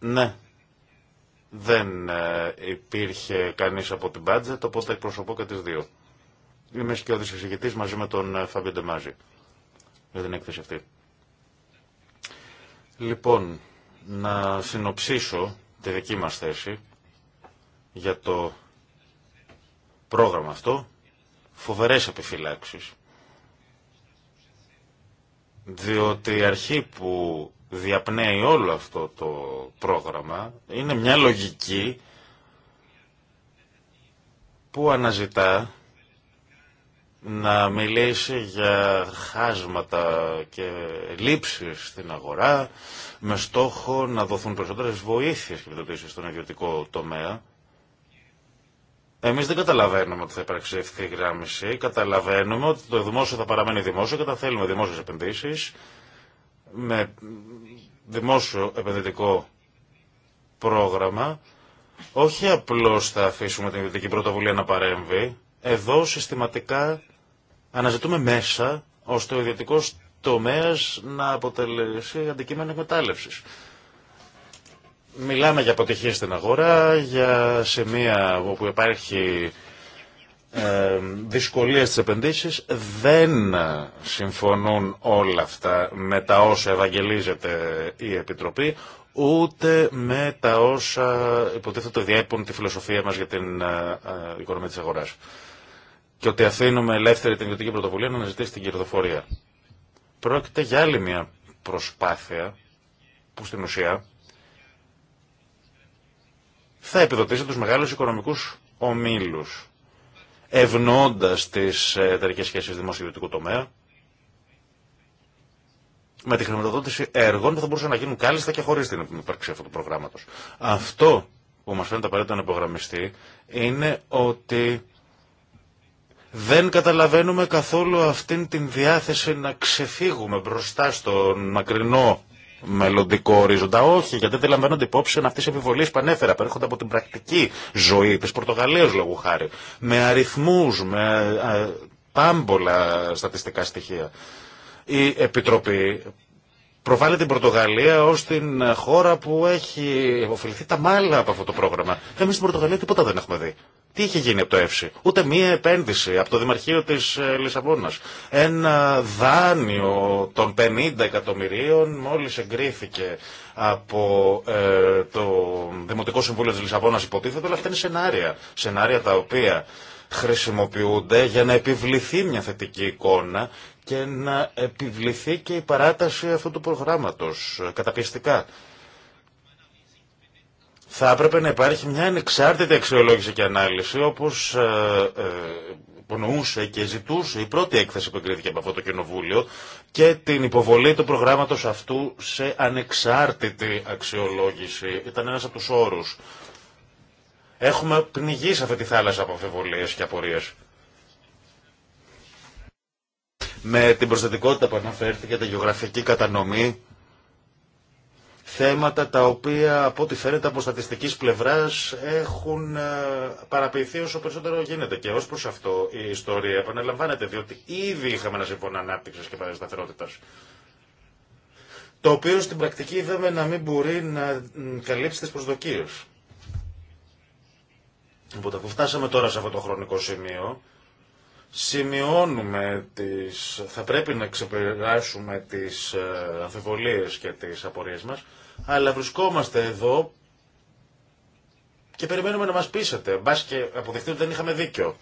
Ναι, δεν ε, υπήρχε κανείς από την μπάτζετ, οπότε εκπροσωπώ και τις δύο. Είμαι σκιώδης εισηγητής μαζί με τον ε, Φαμπιό Ντεμάζη για την έκθεση αυτή. Λοιπόν, να συνοψίσω τη δική μας θέση για το πρόγραμμα αυτό. Φοβερές επιφυλάξεις διότι η αρχή που διαπνέει όλο αυτό το πρόγραμμα είναι μια λογική που αναζητά να μιλήσει για χάσματα και λήψεις στην αγορά με στόχο να δοθούν περισσότερες βοήθειες και επιδοτήσεις στον ιδιωτικό τομέα Εμεί δεν καταλαβαίνουμε ότι θα υπάρξει γράμμιση, Καταλαβαίνουμε ότι το δημόσιο θα παραμένει δημόσιο και θα θέλουμε δημόσιε επενδύσει με δημόσιο επενδυτικό πρόγραμμα. Όχι απλώ θα αφήσουμε την ιδιωτική πρωτοβουλία να παρέμβει. Εδώ συστηματικά αναζητούμε μέσα ώστε ο ιδιωτικό τομέα να αποτελέσει αντικείμενο εκμετάλλευση. Μιλάμε για αποτυχίες στην αγορά, για σημεία όπου υπάρχει ε, δυσκολίες στις επενδύσεις. Δεν συμφωνούν όλα αυτά με τα όσα ευαγγελίζεται η Επιτροπή, ούτε με τα όσα υποτίθεται διέπουν τη φιλοσοφία μας για την ε, ε, οικονομία της αγοράς. Και ότι αφήνουμε ελεύθερη την ιδιωτική πρωτοβουλία να αναζητήσει την κερδοφορία. Πρόκειται για άλλη μια προσπάθεια που στην ουσία θα επιδοτήσει τους μεγάλους οικονομικούς ομίλους, ευνοώντας τις ε, εταιρικές σχέσεις δημοσιοποιητικού τομέα, με τη χρηματοδότηση έργων που θα μπορούσαν να γίνουν κάλλιστα και χωρίς την ύπαρξη αυτού του προγράμματος. Αυτό που μας φαίνεται απαραίτητο να υπογραμμιστεί είναι ότι δεν καταλαβαίνουμε καθόλου αυτήν την διάθεση να ξεφύγουμε μπροστά στον μακρινό μελλοντικό ορίζοντα. Όχι, γιατί δεν λαμβάνονται υπόψη αυτέ οι επιβολίε που ανέφερα, που έρχονται από την πρακτική ζωή τη Πορτογαλία λόγου χάρη. Με αριθμού, με πάμπολα στατιστικά στοιχεία. Η Επιτροπή προβάλλει την Πορτογαλία ω την χώρα που έχει ωφεληθεί τα μάλλα από αυτό το πρόγραμμα. Εμεί στην Πορτογαλία τίποτα δεν έχουμε δει. Τι είχε γίνει από το ΕΦΣΥ. Ούτε μία επένδυση από το Δημαρχείο τη ε, Λισαβόνα. Ένα δάνειο των 50 εκατομμυρίων μόλι εγκρίθηκε από ε, το Δημοτικό Συμβούλιο τη Λισαβόνα υποτίθεται, αλλά αυτά είναι σενάρια. Σενάρια τα οποία χρησιμοποιούνται για να επιβληθεί μια θετική εικόνα και να επιβληθεί και η παράταση αυτού του προγράμματος ε, καταπιεστικά θα έπρεπε να υπάρχει μια ανεξάρτητη αξιολόγηση και ανάλυση όπως ε, ε, υπονοούσε και ζητούσε η πρώτη έκθεση που εγκρίθηκε από αυτό το κοινοβούλιο και την υποβολή του προγράμματος αυτού σε ανεξάρτητη αξιολόγηση. Ήταν ένας από τους όρους. Έχουμε πνιγεί σε αυτή τη θάλασσα από αμφιβολίες και απορίες. Με την προσθετικότητα που αναφέρθηκε, τη γεωγραφική κατανομή, θέματα τα οποία από ό,τι φαίνεται από στατιστικής πλευράς έχουν ε, παραποιηθεί όσο περισσότερο γίνεται. Και ως προς αυτό η ιστορία επαναλαμβάνεται, διότι ήδη είχαμε ένα σύμφωνο ανάπτυξης και παρασταθερότητας το οποίο στην πρακτική είδαμε να μην μπορεί να καλύψει τις προσδοκίες. Οπότε που φτάσαμε τώρα σε αυτό το χρονικό σημείο, σημειώνουμε τις, θα πρέπει να ξεπεράσουμε τις ε, αμφιβολίες και τις απορίες μας, αλλά βρισκόμαστε εδώ και περιμένουμε να μας πείσετε, μπας και αποδεχτείτε ότι δεν είχαμε δίκιο.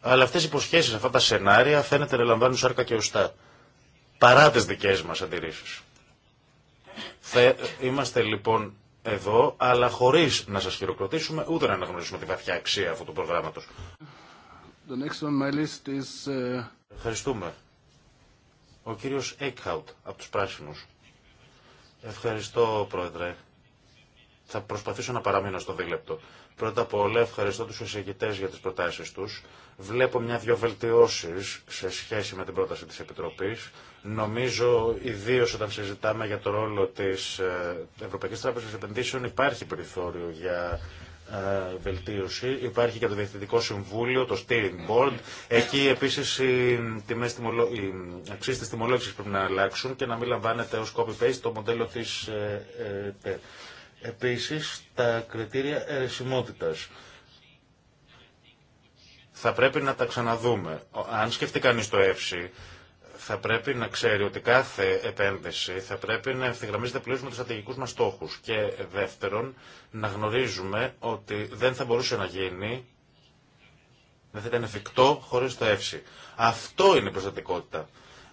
Αλλά αυτές οι υποσχέσεις, αυτά τα σενάρια φαίνεται να λαμβάνουν σάρκα και οστά, παρά τις δικές μας αντιρρήσεις. είμαστε λοιπόν εδώ, αλλά χωρίς να σας χειροκροτήσουμε, ούτε να αναγνωρίσουμε τη βαθιά αξία αυτού του προγράμματος. Uh, Ευχαριστούμε. Ο κύριος Έκχαουτ από τους Πράσινους. Ευχαριστώ, Πρόεδρε. Θα προσπαθήσω να παραμείνω στο δίλεπτο. Πρώτα απ' όλα ευχαριστώ τους εισηγητές για τις προτάσεις τους. Βλέπω μια-δυο βελτιώσεις σε σχέση με την πρόταση της Επιτροπής. Νομίζω ιδίω όταν συζητάμε για το ρόλο της ε, Ευρωπαϊκής Τράπεζας Επενδύσεων υπάρχει περιθώριο για ε, βελτίωση. Υπάρχει και το Διευθυντικό Συμβούλιο, το Steering Board. Εκεί επίση οι, τιμολο... οι αξίε τη τιμολόγηση πρέπει να αλλάξουν και να μην λαμβάνεται ως copy-paste το μοντέλο τη ΕΤΕ. Ε, επίση τα κριτήρια αιρεσιμότητας. Θα πρέπει να τα ξαναδούμε. Αν σκεφτεί κανείς το ΕΦΣΥ, θα πρέπει να ξέρει ότι κάθε επένδυση θα πρέπει να ευθυγραμμίζεται πλήρως με τους στρατηγικού μας στόχους. Και δεύτερον, να γνωρίζουμε ότι δεν θα μπορούσε να γίνει, δεν θα ήταν εφικτό χωρί το εύση. Αυτό είναι η προστατικότητα.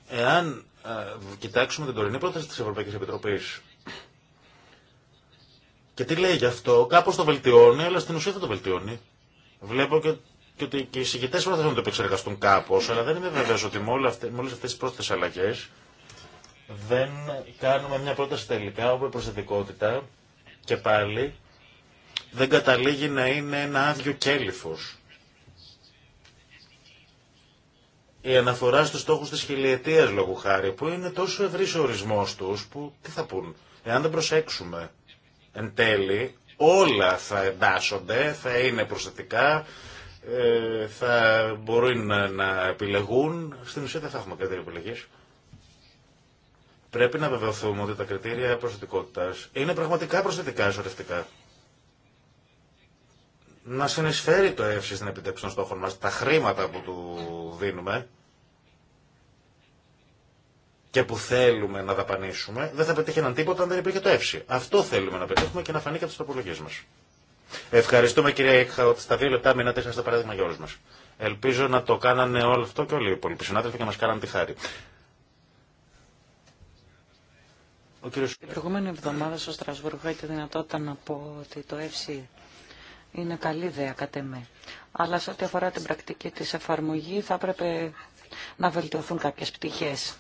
Εάν ε, κοιτάξουμε την τωρινή πρόταση τη Ευρωπαϊκή Επιτροπή και τι λέει γι' αυτό, κάπως το βελτιώνει, αλλά στην ουσία δεν το βελτιώνει. Βλέπω και και ότι και οι συγκητέ πρόθεσαν να το επεξεργαστούν κάπω, αλλά δεν είμαι βεβαίω ότι με, όλε αυτέ τι πρόσθετε αλλαγέ δεν κάνουμε μια πρόταση τελικά όπου η προσθετικότητα και πάλι δεν καταλήγει να είναι ένα άδειο κέλυφο. Η αναφορά στους στόχου τη χιλιετία, λόγου χάρη που είναι τόσο ευρύ ο ορισμός τους που τι θα πούν. Εάν δεν προσέξουμε εν τέλει όλα θα εντάσσονται, θα είναι προσθετικά, ε, θα μπορούν να, να επιλεγούν. Στην ουσία δεν θα έχουμε κριτήρια επιλογή. Πρέπει να βεβαιωθούμε ότι τα κριτήρια προσθετικότητα είναι πραγματικά προσθετικά ζωρευτικά. Να συνεισφέρει το ΕΦΣΙ στην επιτέψη των στόχων μα τα χρήματα που του δίνουμε και που θέλουμε να δαπανίσουμε, δεν θα πετύχει έναν τίποτα αν δεν υπήρχε το ΕΦΣΙ. Αυτό θέλουμε να πετύχουμε και να φανεί και από τι τροπολογίε μα. Ευχαριστούμε κυρία ότι Στα δύο λεπτά μείνατε στο παράδειγμα για όλου μα. Ελπίζω να το κάνανε όλο αυτό και όλοι οι υπόλοιποι συνάδελφοι και μα κάναν τη χάρη. Ο κύριος... προηγούμενη εβδομάδα στο Στρασβούργο είχα τη δυνατότητα να πω ότι το ΕΦΣΥ είναι καλή ιδέα κατ' εμέ. Αλλά σε ό,τι αφορά την πρακτική της εφαρμογή θα έπρεπε να βελτιωθούν κάποιες πτυχές.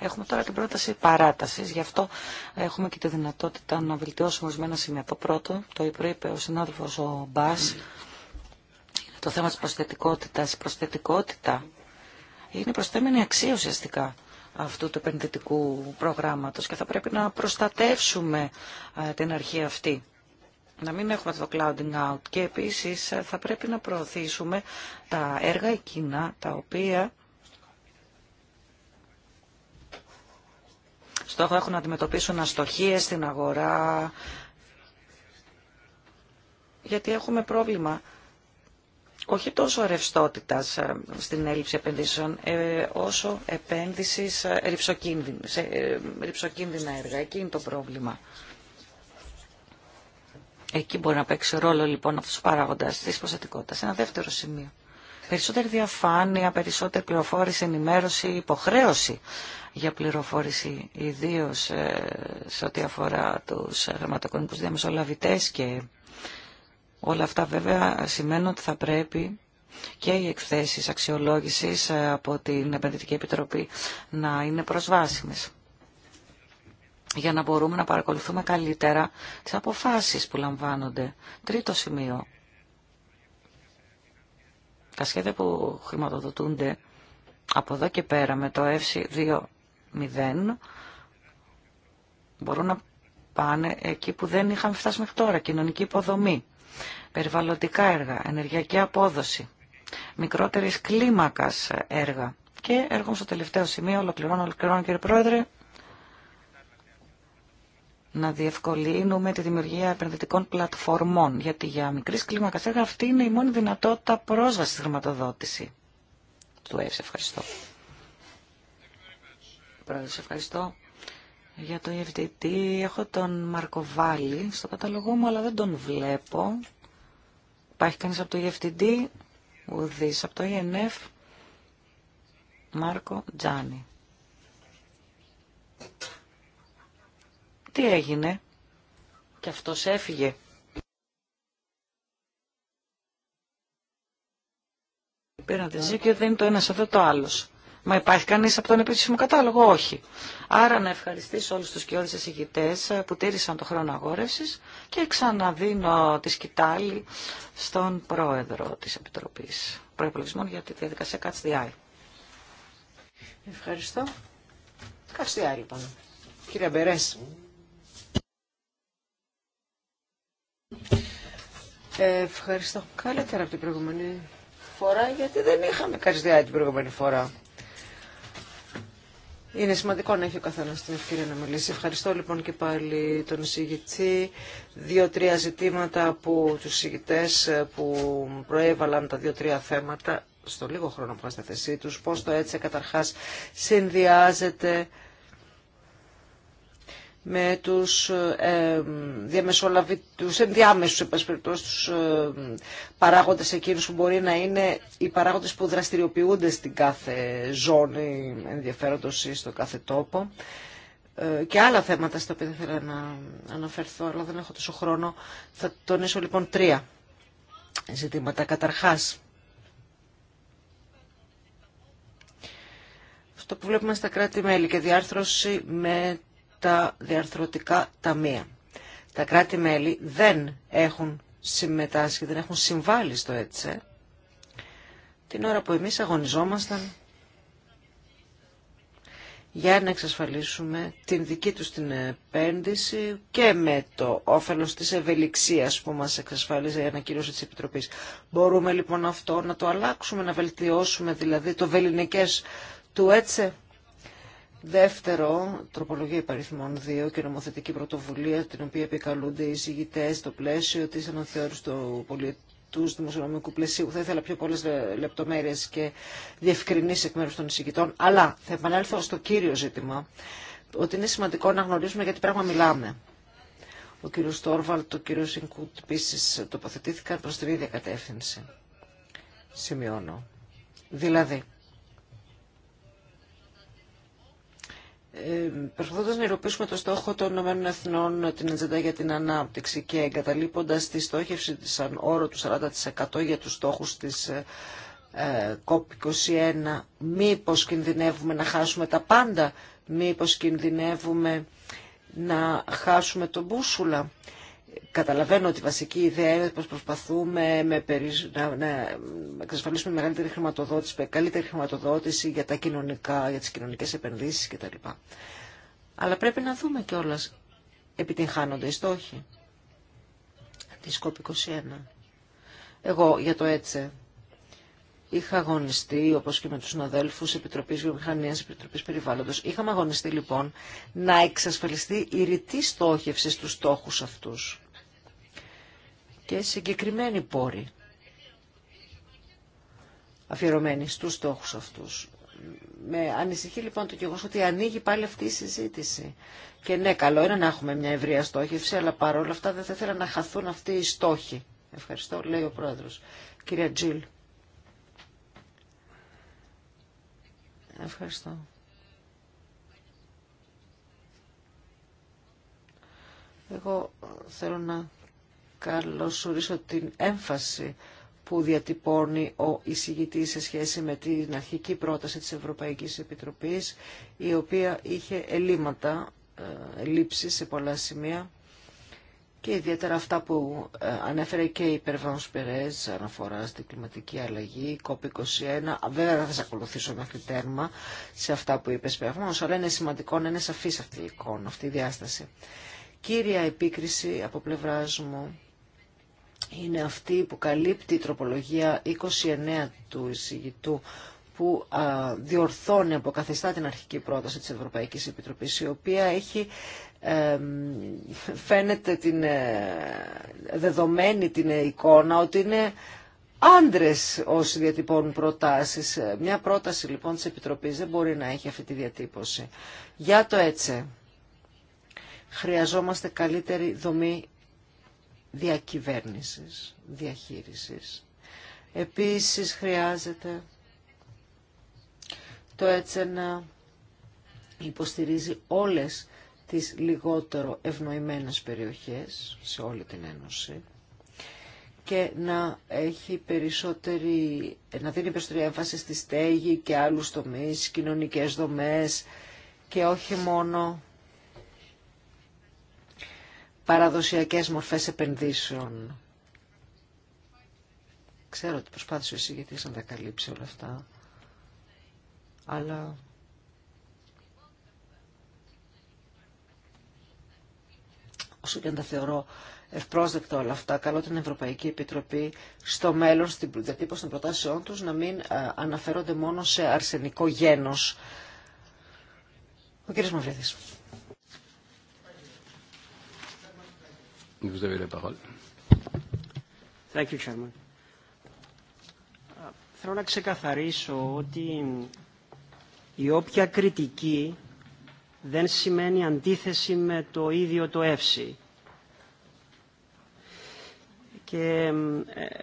Έχουμε τώρα την πρόταση παράταση. Γι' αυτό έχουμε και τη δυνατότητα να βελτιώσουμε ορισμένα σημεία. Το πρώτο, το είπε ο συνάδελφο ο Μπά, το θέμα τη προσθετικότητα. Η προσθετικότητα είναι προσθέμενη αξία ουσιαστικά αυτού του επενδυτικού προγράμματος και θα πρέπει να προστατεύσουμε ε, την αρχή αυτή. Να μην έχουμε το clouding out και επίσης ε, θα πρέπει να προωθήσουμε τα έργα εκείνα τα οποία στόχο έχουν να αντιμετωπίσουν αστοχίες στην αγορά, γιατί έχουμε πρόβλημα όχι τόσο ρευστότητα ε, στην έλλειψη επενδύσεων, ε, όσο επένδυση ε, σε ρηψοκίνδυνα έργα. Εκεί είναι το πρόβλημα. Εκεί μπορεί να παίξει ρόλο λοιπόν αυτό ο παράγοντα τη σε Ένα δεύτερο σημείο. Περισσότερη διαφάνεια, περισσότερη πληροφόρηση, ενημέρωση, υποχρέωση για πληροφόρηση, ιδίω ε, σε ό,τι αφορά τους χρηματοοικονομικούς διαμεσολαβητές και όλα αυτά βέβαια σημαίνουν ότι θα πρέπει και οι εκθέσεις αξιολόγησης ε, από την Επενδυτική Επιτροπή να είναι προσβάσιμες για να μπορούμε να παρακολουθούμε καλύτερα τις αποφάσεις που λαμβάνονται. Τρίτο σημείο, τα σχέδια που χρηματοδοτούνται από εδώ και πέρα με το ΕΦΣΙ 2.0 μπορούν να πάνε εκεί που δεν είχαμε φτάσει μέχρι τώρα. Κοινωνική υποδομή, περιβαλλοντικά έργα, ενεργειακή απόδοση, μικρότερης κλίμακας έργα. Και έρχομαι στο τελευταίο σημείο, ολοκληρώνω, ολοκληρώνω κύριε Πρόεδρε να διευκολύνουμε τη δημιουργία επενδυτικών πλατφορμών, γιατί για μικρή κλίμακα έργα αυτή είναι η μόνη δυνατότητα πρόσβαση στη χρηματοδότηση του ΕΕ. σε Ευχαριστώ. Πρόεδρε, ευχαριστώ. Για το EFTT έχω τον Μαρκοβάλη στο καταλογό μου, αλλά δεν τον βλέπω. Υπάρχει κανείς από το EFTD, ουδής από το ENF, Μάρκο Τζάνι. Τι έγινε. Και αυτός έφυγε. Πήραν τη και δεν είναι το ένας αυτό το άλλος. Μα υπάρχει κανείς από τον επίσημο κατάλογο, όχι. Άρα να ευχαριστήσω όλους τους κοιόδες εισηγητές που τήρησαν το χρόνο αγόρευσης και ξαναδίνω τη σκητάλη στον πρόεδρο της Επιτροπής Προεπιλογισμών για τη διαδικασία ΚΑΤΣΔΙ. Ευχαριστώ. ΚΑΤΣΔΙ λοιπόν. Κύριε Μπερές. Ευχαριστώ. Καλύτερα από την προηγούμενη φορά, γιατί δεν είχαμε καρδιά την προηγούμενη φορά. Είναι σημαντικό να έχει ο καθένα την ευκαιρία να μιλήσει. Ευχαριστώ λοιπόν και πάλι τον εισηγητή. Δύο-τρία ζητήματα από του εισηγητέ που προέβαλαν τα δύο-τρία θέματα στο λίγο χρόνο που είχα στη θέσή του. Πώ το έτσι καταρχά συνδυάζεται με τους, ε, διαμεσολαβη... τους ενδιάμεσους τους ε, παράγοντες εκείνους που μπορεί να είναι οι παράγοντες που δραστηριοποιούνται στην κάθε ζώνη ενδιαφέροντος ή στο κάθε τόπο ε, και άλλα θέματα στα οποία θέλω να αναφερθώ αλλά δεν έχω τόσο χρόνο θα τονίσω λοιπόν τρία ζητήματα καταρχάς αυτό που βλέπουμε στα κράτη-μέλη και διάρθρωση με τα διαρθρωτικά ταμεία. Τα κράτη-μέλη δεν έχουν συμμετάσχει, δεν έχουν συμβάλει στο έτσε. Την ώρα που εμείς αγωνιζόμασταν για να εξασφαλίσουμε την δική τους την επένδυση και με το όφελος της ευελιξίας που μας εξασφάλιζε η ανακοίνωση της Επιτροπής. Μπορούμε λοιπόν αυτό να το αλλάξουμε, να βελτιώσουμε δηλαδή το βεληνικές του έτσε. Δεύτερο, τροπολογία υπαριθμών 2 και νομοθετική πρωτοβουλία, την οποία επικαλούνται οι εισηγητέ στο πλαίσιο τη αναθεώρηση του πολιτού δημοσιονομικού πλαισίου. Θα ήθελα πιο πολλέ λεπτομέρειε και διευκρινήσει εκ μέρου των εισηγητών, αλλά θα επανέλθω στο κύριο ζήτημα, ότι είναι σημαντικό να γνωρίζουμε γιατί πράγμα μιλάμε. Ο κύριο Στόρβαλτ, ο κύριο Ινκούτ επίση τοποθετήθηκαν προ την ίδια κατεύθυνση. Σημειώνω. Δηλαδή, Ε, προσπαθώντας να υλοποιήσουμε το στόχο των ΗΠΑ την Ατζέντα για την Ανάπτυξη και εγκαταλείποντας τη στόχευση σαν όρο του 40% για τους στόχους της COP21, ε, ε, μήπως κινδυνεύουμε να χάσουμε τα πάντα, μήπως κινδυνεύουμε να χάσουμε τον μπούσουλα. Καταλαβαίνω ότι η βασική ιδέα είναι πως προσπαθούμε με περι... να... να εξασφαλίσουμε μεγαλύτερη χρηματοδότηση, με καλύτερη χρηματοδότηση για, τα κοινωνικά, για τις κοινωνικές επενδύσεις κτλ. Αλλά πρέπει να δούμε κιόλα επιτυγχάνονται οι στόχοι. Τη COP21. Εγώ για το έτσι... Είχα αγωνιστεί, όπως και με τους συναδέλφους Επιτροπής Βιομηχανίας, Επιτροπής Περιβάλλοντος, είχαμε αγωνιστεί λοιπόν να εξασφαλιστεί η ρητή στόχευση στους στόχους αυτούς και συγκεκριμένοι πόρη αφιερωμένοι στους στόχους αυτούς. Με ανησυχεί λοιπόν το γεγονό ότι ανοίγει πάλι αυτή η συζήτηση. Και ναι, καλό είναι να έχουμε μια ευρεία στόχευση, αλλά παρόλα αυτά δεν θα ήθελα να χαθούν αυτοί οι στόχοι. Ευχαριστώ, λέει ο Πρόεδρος. Κυρία Τζιλ. Ευχαριστώ. Εγώ θέλω να καλωσορίσω την έμφαση που διατυπώνει ο εισηγητής σε σχέση με την αρχική πρόταση της Ευρωπαϊκής Επιτροπής, η οποία είχε ελλείμματα, ε, ελλείψεις σε πολλά σημεία και ιδιαίτερα αυτά που ε, ανέφερε και η Περβάνος Περές αναφορά στην κλιματική αλλαγή, COP21. Βέβαια δεν θα σε ακολουθήσω μέχρι τέρμα σε αυτά που είπες Περβάνος, αλλά είναι σημαντικό να είναι σαφής αυτή η εικόνα, αυτή η διάσταση. Κύρια επίκριση από πλευρά μου είναι αυτή που καλύπτει η τροπολογία 29 του εισηγητού που διορθώνει, αποκαθιστά την αρχική πρόταση της Ευρωπαϊκής Επιτροπής, η οποία έχει φαίνεται την ε, δεδομένη την εικόνα ότι είναι άντρες όσοι διατυπώνουν προτάσεις. Μια πρόταση λοιπόν της Επιτροπής δεν μπορεί να έχει αυτή τη διατύπωση. Για το έτσι, χρειαζόμαστε καλύτερη δομή διακυβέρνησης, διαχείρισης. Επίσης χρειάζεται το έτσι να υποστηρίζει όλες τις λιγότερο ευνοημένες περιοχές σε όλη την Ένωση και να, έχει περισσότερη, να δίνει περισσότερη έμφαση στη στέγη και άλλους τομείς, κοινωνικές δομές και όχι μόνο παραδοσιακές μορφές επενδύσεων. Ξέρω ότι προσπάθησε ο εισηγητής να τα καλύψει όλα αυτά, αλλά όσο και αν τα θεωρώ ευπρόσδεκτα όλα αυτά, καλώ την Ευρωπαϊκή Επιτροπή στο μέλλον, στην διατύπωση των προτάσεών τους, να μην ε, αναφέρονται μόνο σε αρσενικό γένος. Ο κ. Μαυρίδης. Ε, θέλω να ξεκαθαρίσω ότι η όποια κριτική δεν σημαίνει αντίθεση με το ίδιο το ΕΦΣΥ. Και ε,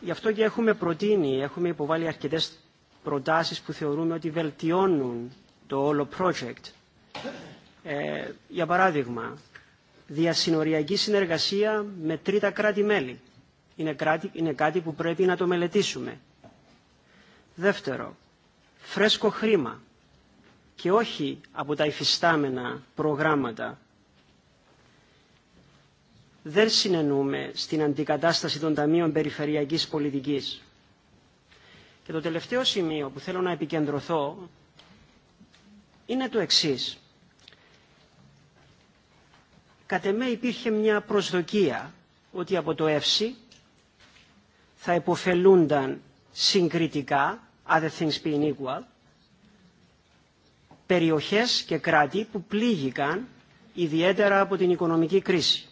γι' αυτό και έχουμε προτείνει, έχουμε υποβάλει αρκετές προτάσεις που θεωρούμε ότι βελτιώνουν το όλο project. Ε, για παράδειγμα, διασυνοριακή συνεργασία με τρίτα κράτη-μέλη. κράτη, είναι κάτι που πρέπει να το μελετήσουμε. Δεύτερο, φρέσκο χρήμα και όχι από τα υφιστάμενα προγράμματα. Δεν συνενούμε στην αντικατάσταση των Ταμείων Περιφερειακής Πολιτικής. Και το τελευταίο σημείο που θέλω να επικεντρωθώ είναι το εξής. Κατ' εμέ υπήρχε μια προσδοκία ότι από το ΕΦΣΥ θα υποφελούνταν συγκριτικά, other things being equal, περιοχές και κράτη που πλήγηκαν ιδιαίτερα από την οικονομική κρίση.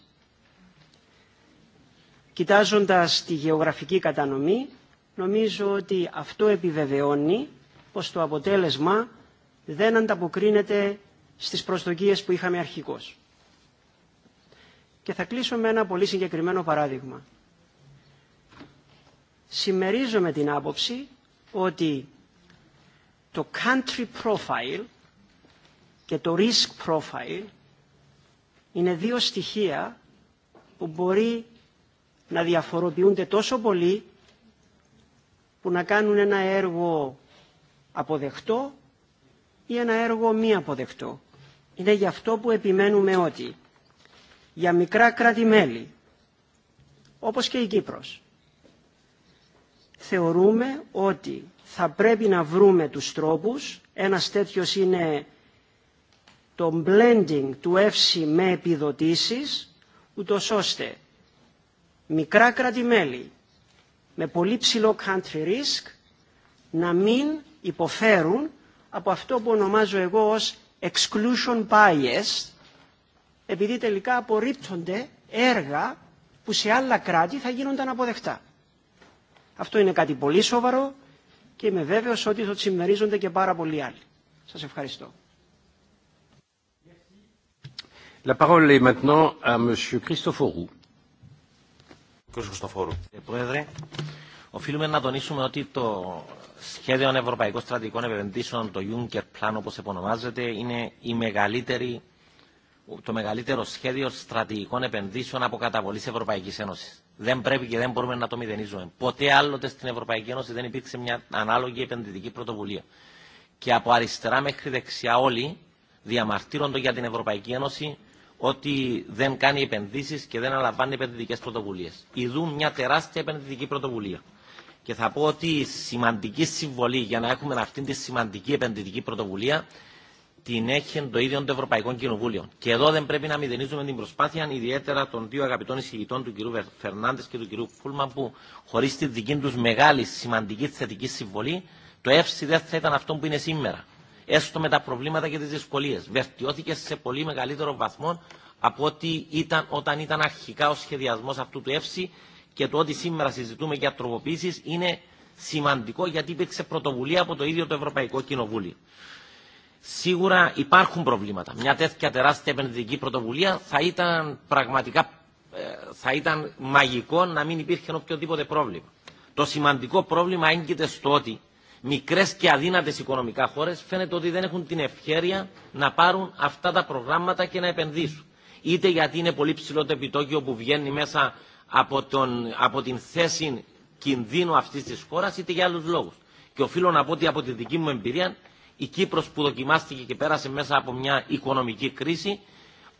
Κοιτάζοντας τη γεωγραφική κατανομή, νομίζω ότι αυτό επιβεβαιώνει πως το αποτέλεσμα δεν ανταποκρίνεται στις προσδοκίες που είχαμε αρχικώς. Και θα κλείσω με ένα πολύ συγκεκριμένο παράδειγμα. Συμμερίζομαι την άποψη ότι το country profile και το risk profile είναι δύο στοιχεία που μπορεί να διαφοροποιούνται τόσο πολύ που να κάνουν ένα έργο αποδεκτό ή ένα έργο μη αποδεκτό. Είναι γι' αυτό που επιμένουμε ότι για μικρά κράτη-μέλη, όπως και η Κύπρος, θεωρούμε ότι θα πρέπει να βρούμε τους τρόπους, ένα τέτοιος είναι το blending του ΕΦΣΙ με επιδοτήσεις, ούτω ώστε μικρά κρατημέλη με πολύ ψηλό country risk να μην υποφέρουν από αυτό που ονομάζω εγώ ως exclusion bias, επειδή τελικά απορρίπτονται έργα που σε άλλα κράτη θα γίνονταν αποδεκτά. Αυτό είναι κάτι πολύ σοβαρό και είμαι βέβαιος ότι το συμμερίζονται και πάρα πολλοί άλλοι. Σας ευχαριστώ. La parole est maintenant à Monsieur Roux. Κύριε Πρόεδρε, οφείλουμε να τονίσουμε ότι το σχέδιο Ευρωπαϊκών Στρατηγικών Επενδύσεων, το Juncker Plan όπως επωνομάζεται, είναι η μεγαλύτερη, το μεγαλύτερο σχέδιο στρατηγικών επενδύσεων από καταβολή Ευρωπαϊκής Ένωσης. Δεν πρέπει και δεν μπορούμε να το μηδενίζουμε. Ποτέ άλλοτε στην Ευρωπαϊκή Ένωση δεν υπήρξε μια ανάλογη επενδυτική πρωτοβουλία. Και από αριστερά μέχρι δεξιά όλοι διαμαρτύρονται για την Ευρωπαϊκή Ένωση ότι δεν κάνει επενδύσει και δεν αναλαμβάνει επενδυτικέ πρωτοβουλίε. Ιδούν μια τεράστια επενδυτική πρωτοβουλία. Και θα πω ότι η σημαντική συμβολή για να έχουμε αυτή τη σημαντική επενδυτική πρωτοβουλία την έχει το ίδιο το Ευρωπαϊκό Κοινοβούλιο. Και εδώ δεν πρέπει να μηδενίζουμε την προσπάθεια, ιδιαίτερα των δύο αγαπητών εισηγητών, του κ. Φερνάντε και του κ. Φούλμα, που χωρί τη δική του μεγάλη σημαντική θετική συμβολή, το ΕΦΣΙ δεν θα ήταν αυτό που είναι σήμερα έστω με τα προβλήματα και τι δυσκολίε. Βελτιώθηκε σε πολύ μεγαλύτερο βαθμό από ό,τι ήταν όταν ήταν αρχικά ο σχεδιασμό αυτού του ΕΦΣΥ και το ότι σήμερα συζητούμε για τροποποίησει είναι σημαντικό γιατί υπήρξε πρωτοβουλία από το ίδιο το Ευρωπαϊκό Κοινοβούλιο. Σίγουρα υπάρχουν προβλήματα. Μια τέτοια τεράστια επενδυτική πρωτοβουλία θα ήταν πραγματικά ε, θα ήταν μαγικό να μην υπήρχε οποιοδήποτε πρόβλημα. Το σημαντικό πρόβλημα έγκυται στο ότι μικρέ και αδύνατε οικονομικά χώρε φαίνεται ότι δεν έχουν την ευχαίρεια να πάρουν αυτά τα προγράμματα και να επενδύσουν. Είτε γιατί είναι πολύ ψηλό το επιτόκιο που βγαίνει μέσα από, τον, από την θέση κινδύνου αυτή τη χώρα, είτε για άλλου λόγου. Και οφείλω να πω ότι από τη δική μου εμπειρία, η Κύπρος που δοκιμάστηκε και πέρασε μέσα από μια οικονομική κρίση,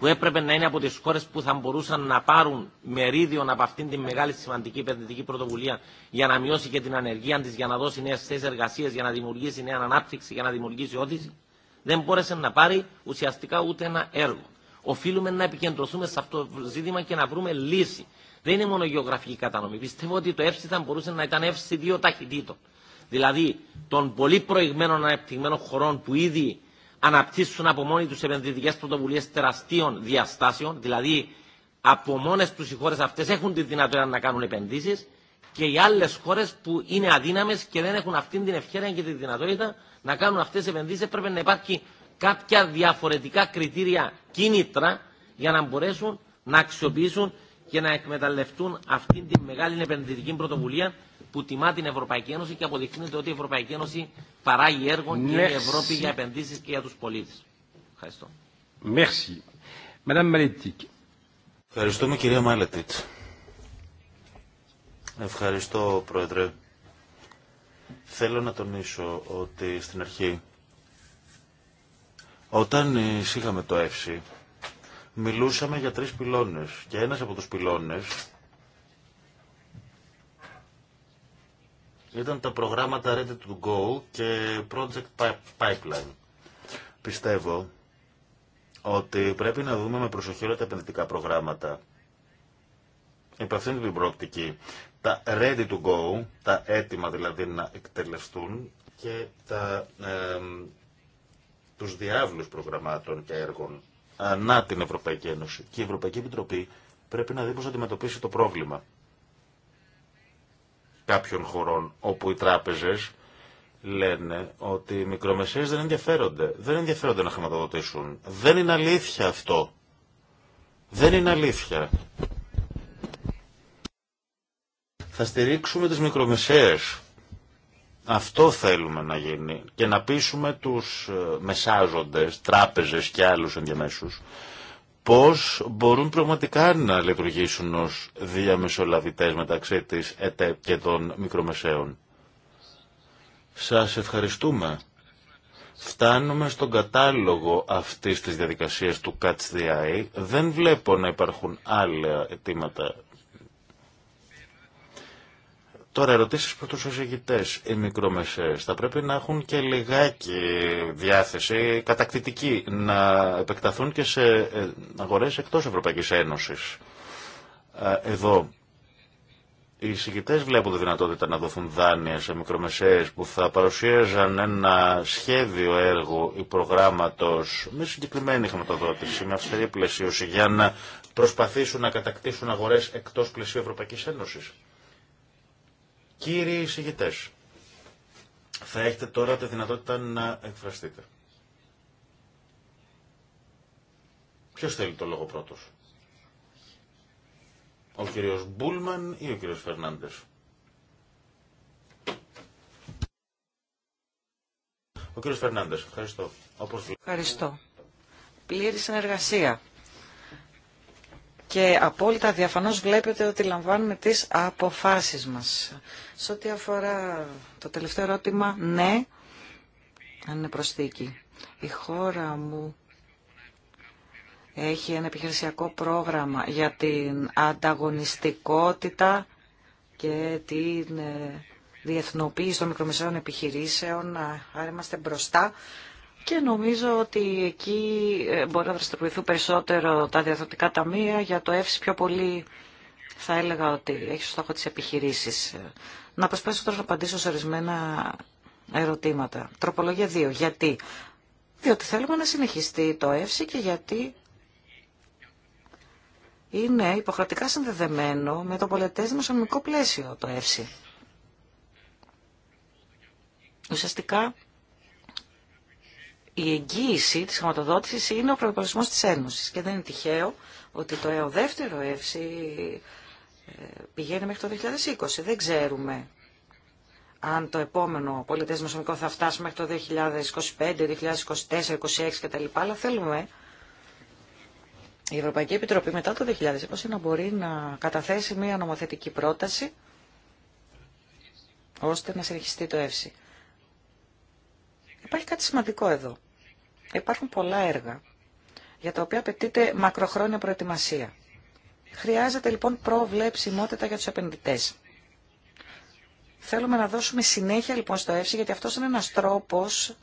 που έπρεπε να είναι από τι χώρε που θα μπορούσαν να πάρουν μερίδιο από αυτήν την μεγάλη σημαντική επενδυτική πρωτοβουλία για να μειώσει και την ανεργία τη, για να δώσει νέε θέσει εργασία, για να δημιουργήσει νέα ανάπτυξη, για να δημιουργήσει όθηση, δεν μπόρεσε να πάρει ουσιαστικά ούτε ένα έργο. Οφείλουμε να επικεντρωθούμε σε αυτό το ζήτημα και να βρούμε λύση. Δεν είναι μόνο γεωγραφική κατανομή. Πιστεύω ότι το ΕΦΣΙ θα μπορούσε να ήταν ΕΦΣΙ δύο ταχυτήτων. Δηλαδή των πολύ προηγμένων ανεπτυγμένων χωρών που ήδη αναπτύσσουν από μόνοι τους επενδυτικέ πρωτοβουλίες τεραστίων διαστάσεων, δηλαδή από μόνε τους οι χώρες αυτές έχουν τη δυνατότητα να κάνουν επενδύσει, και οι άλλες χώρες που είναι αδύναμες και δεν έχουν αυτή την ευκαιρία και τη δυνατότητα να κάνουν αυτές τι επενδύσει, πρέπει να υπάρχει κάποια διαφορετικά κριτήρια κίνητρα για να μπορέσουν να αξιοποιήσουν και να εκμεταλλευτούν αυτή τη μεγάλη επενδυτική πρωτοβουλία που τιμά την Ευρωπαϊκή Ένωση και αποδεικνύεται ότι η Ευρωπαϊκή Ένωση παράγει έργο και η Ευρώπη για επενδύσει και για του πολίτε. Ευχαριστώ. Merci. Madame Ευχαριστούμε κυρία Μάλετιτ. Ευχαριστώ Πρόεδρε. Θέλω να τονίσω ότι στην αρχή όταν εισήγαμε το ΕΦΣΥ μιλούσαμε για τρεις πυλώνες και ένας από τους πυλώνες ήταν τα προγράμματα Ready to Go και Project Pipeline. Πιστεύω ότι πρέπει να δούμε με προσοχή όλα τα επενδυτικά προγράμματα. Υπ' αυτήν την πρόκτικη. τα ready to go, τα έτοιμα δηλαδή να εκτελεστούν και τα, ε, τους διάβλους προγραμμάτων και έργων ανά την Ευρωπαϊκή Ένωση. Και η Ευρωπαϊκή Επιτροπή πρέπει να δει πώς αντιμετωπίσει το πρόβλημα κάποιων χωρών όπου οι τράπεζες λένε ότι οι μικρομεσαίες δεν ενδιαφέρονται. Δεν ενδιαφέρονται να χρηματοδοτήσουν. Δεν είναι αλήθεια αυτό. Δεν είναι αλήθεια. Θα στηρίξουμε τις μικρομεσαίες. Αυτό θέλουμε να γίνει και να πείσουμε τους ε, μεσάζοντες, τράπεζες και άλλους ενδιαμέσους πώς μπορούν πραγματικά να λειτουργήσουν ως διαμεσολαβητές μεταξύ της ΕΤΕ και των μικρομεσαίων. Σας ευχαριστούμε. Φτάνουμε στον κατάλογο αυτής της διαδικασίας του Catch the Δεν βλέπω να υπάρχουν άλλα αιτήματα Τώρα, ερωτήσεις προ τους εισηγητές. Οι μικρομεσαίες θα πρέπει να έχουν και λιγάκι διάθεση κατακτητική, να επεκταθούν και σε ε, αγορές εκτός Ευρωπαϊκής Ένωσης. Ε, εδώ, οι εισηγητέ βλέπουν τη δυνατότητα να δοθούν δάνεια σε μικρομεσαίε που θα παρουσίαζαν ένα σχέδιο έργου ή προγράμματο με συγκεκριμένη χρηματοδότηση, με αυστηρή πλαισίωση για να προσπαθήσουν να κατακτήσουν αγορέ εκτό πλαισίου Ευρωπαϊκή Ένωση. Κύριοι εισηγητέ, θα έχετε τώρα τη δυνατότητα να εκφραστείτε. Ποιο θέλει το λόγο πρώτο, Ο κύριο Μπούλμαν ή ο κύριο Φερνάντε, Ο κύριος Φερνάντες, ευχαριστώ. Ευχαριστώ. Πλήρη συνεργασία και απόλυτα διαφανώς βλέπετε ότι λαμβάνουμε τις αποφάσεις μας. Σε ό,τι αφορά το τελευταίο ερώτημα, ναι, αν είναι προσθήκη. Η χώρα μου έχει ένα επιχειρησιακό πρόγραμμα για την ανταγωνιστικότητα και την ε, διεθνοποίηση των μικρομεσαίων επιχειρήσεων. Άρα είμαστε μπροστά και νομίζω ότι εκεί ε, μπορεί να δραστηριοποιηθούν περισσότερο τα διαδοτικά ταμεία. Για το ΕΦΣ πιο πολύ θα έλεγα ότι έχει στόχο τις επιχειρήσεις. Να προσπαθήσω τώρα να απαντήσω σε ορισμένα ερωτήματα. Τροπολογία 2. Γιατί. Διότι θέλουμε να συνεχιστεί το ΕΦΣΙ και γιατί είναι υποχρεωτικά συνδεδεμένο με το πολιτές δημοσιονομικό πλαίσιο το ΕΦΣΙ. Ουσιαστικά η εγγύηση της χρηματοδότησης είναι ο προϋπολογισμός της Ένωσης και δεν είναι τυχαίο ότι το δεύτερο ΕΦΣΥ ε, πηγαίνει μέχρι το 2020. Δεν ξέρουμε αν το επόμενο πολιτές σωμικό θα φτάσει μέχρι το 2025, 2024, 2026 κτλ. Αλλά θέλουμε η Ευρωπαϊκή Επιτροπή μετά το 2020 να μπορεί να καταθέσει μια νομοθετική πρόταση ώστε να συνεχιστεί το ΕΦΣΥ. Υπάρχει κάτι σημαντικό εδώ. Υπάρχουν πολλά έργα για τα οποία απαιτείται μακροχρόνια προετοιμασία. Χρειάζεται λοιπόν προβλεψιμότητα για τους επενδυτές. Θέλουμε να δώσουμε συνέχεια λοιπόν στο ΕΦΣΙ γιατί αυτός είναι ένας τρόπος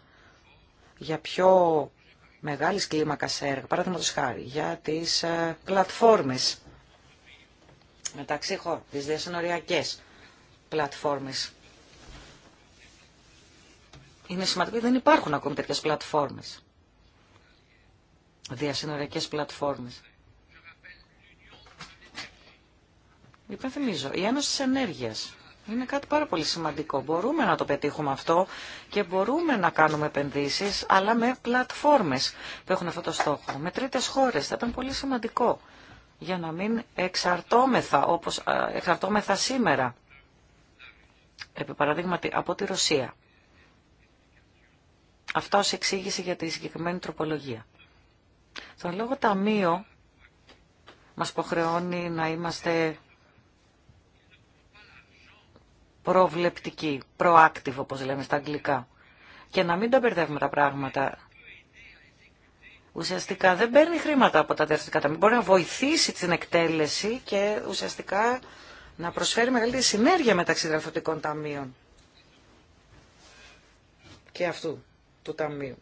για πιο μεγάλης κλίμακας έργα, παράδειγμα χάρη, για τις ε, πλατφόρμες μεταξύ χώρων, τις διασυνοριακές πλατφόρμες. Είναι σημαντικό ότι δεν υπάρχουν ακόμη τέτοιες πλατφόρμες διασυνοριακές πλατφόρμες. Υπενθυμίζω, η Ένωση της Ενέργειας είναι κάτι πάρα πολύ σημαντικό. Μπορούμε να το πετύχουμε αυτό και μπορούμε να κάνουμε επενδύσεις, αλλά με πλατφόρμες που έχουν αυτό το στόχο. Με τρίτες χώρες θα ήταν πολύ σημαντικό για να μην εξαρτώμεθα όπως εξαρτώμεθα σήμερα. Επί παραδείγματι από τη Ρωσία. Αυτά ως εξήγηση για τη συγκεκριμένη τροπολογία. Το λόγο ταμείο μας υποχρεώνει να είμαστε προβλεπτικοί, proactive όπως λέμε στα αγγλικά και να μην τα μπερδεύουμε τα πράγματα. Ουσιαστικά δεν παίρνει χρήματα από τα διευθυντικά ταμεία. Μπορεί να βοηθήσει την εκτέλεση και ουσιαστικά να προσφέρει μεγαλύτερη συνέργεια μεταξύ γραφωτικών ταμείων και αυτού του ταμείου.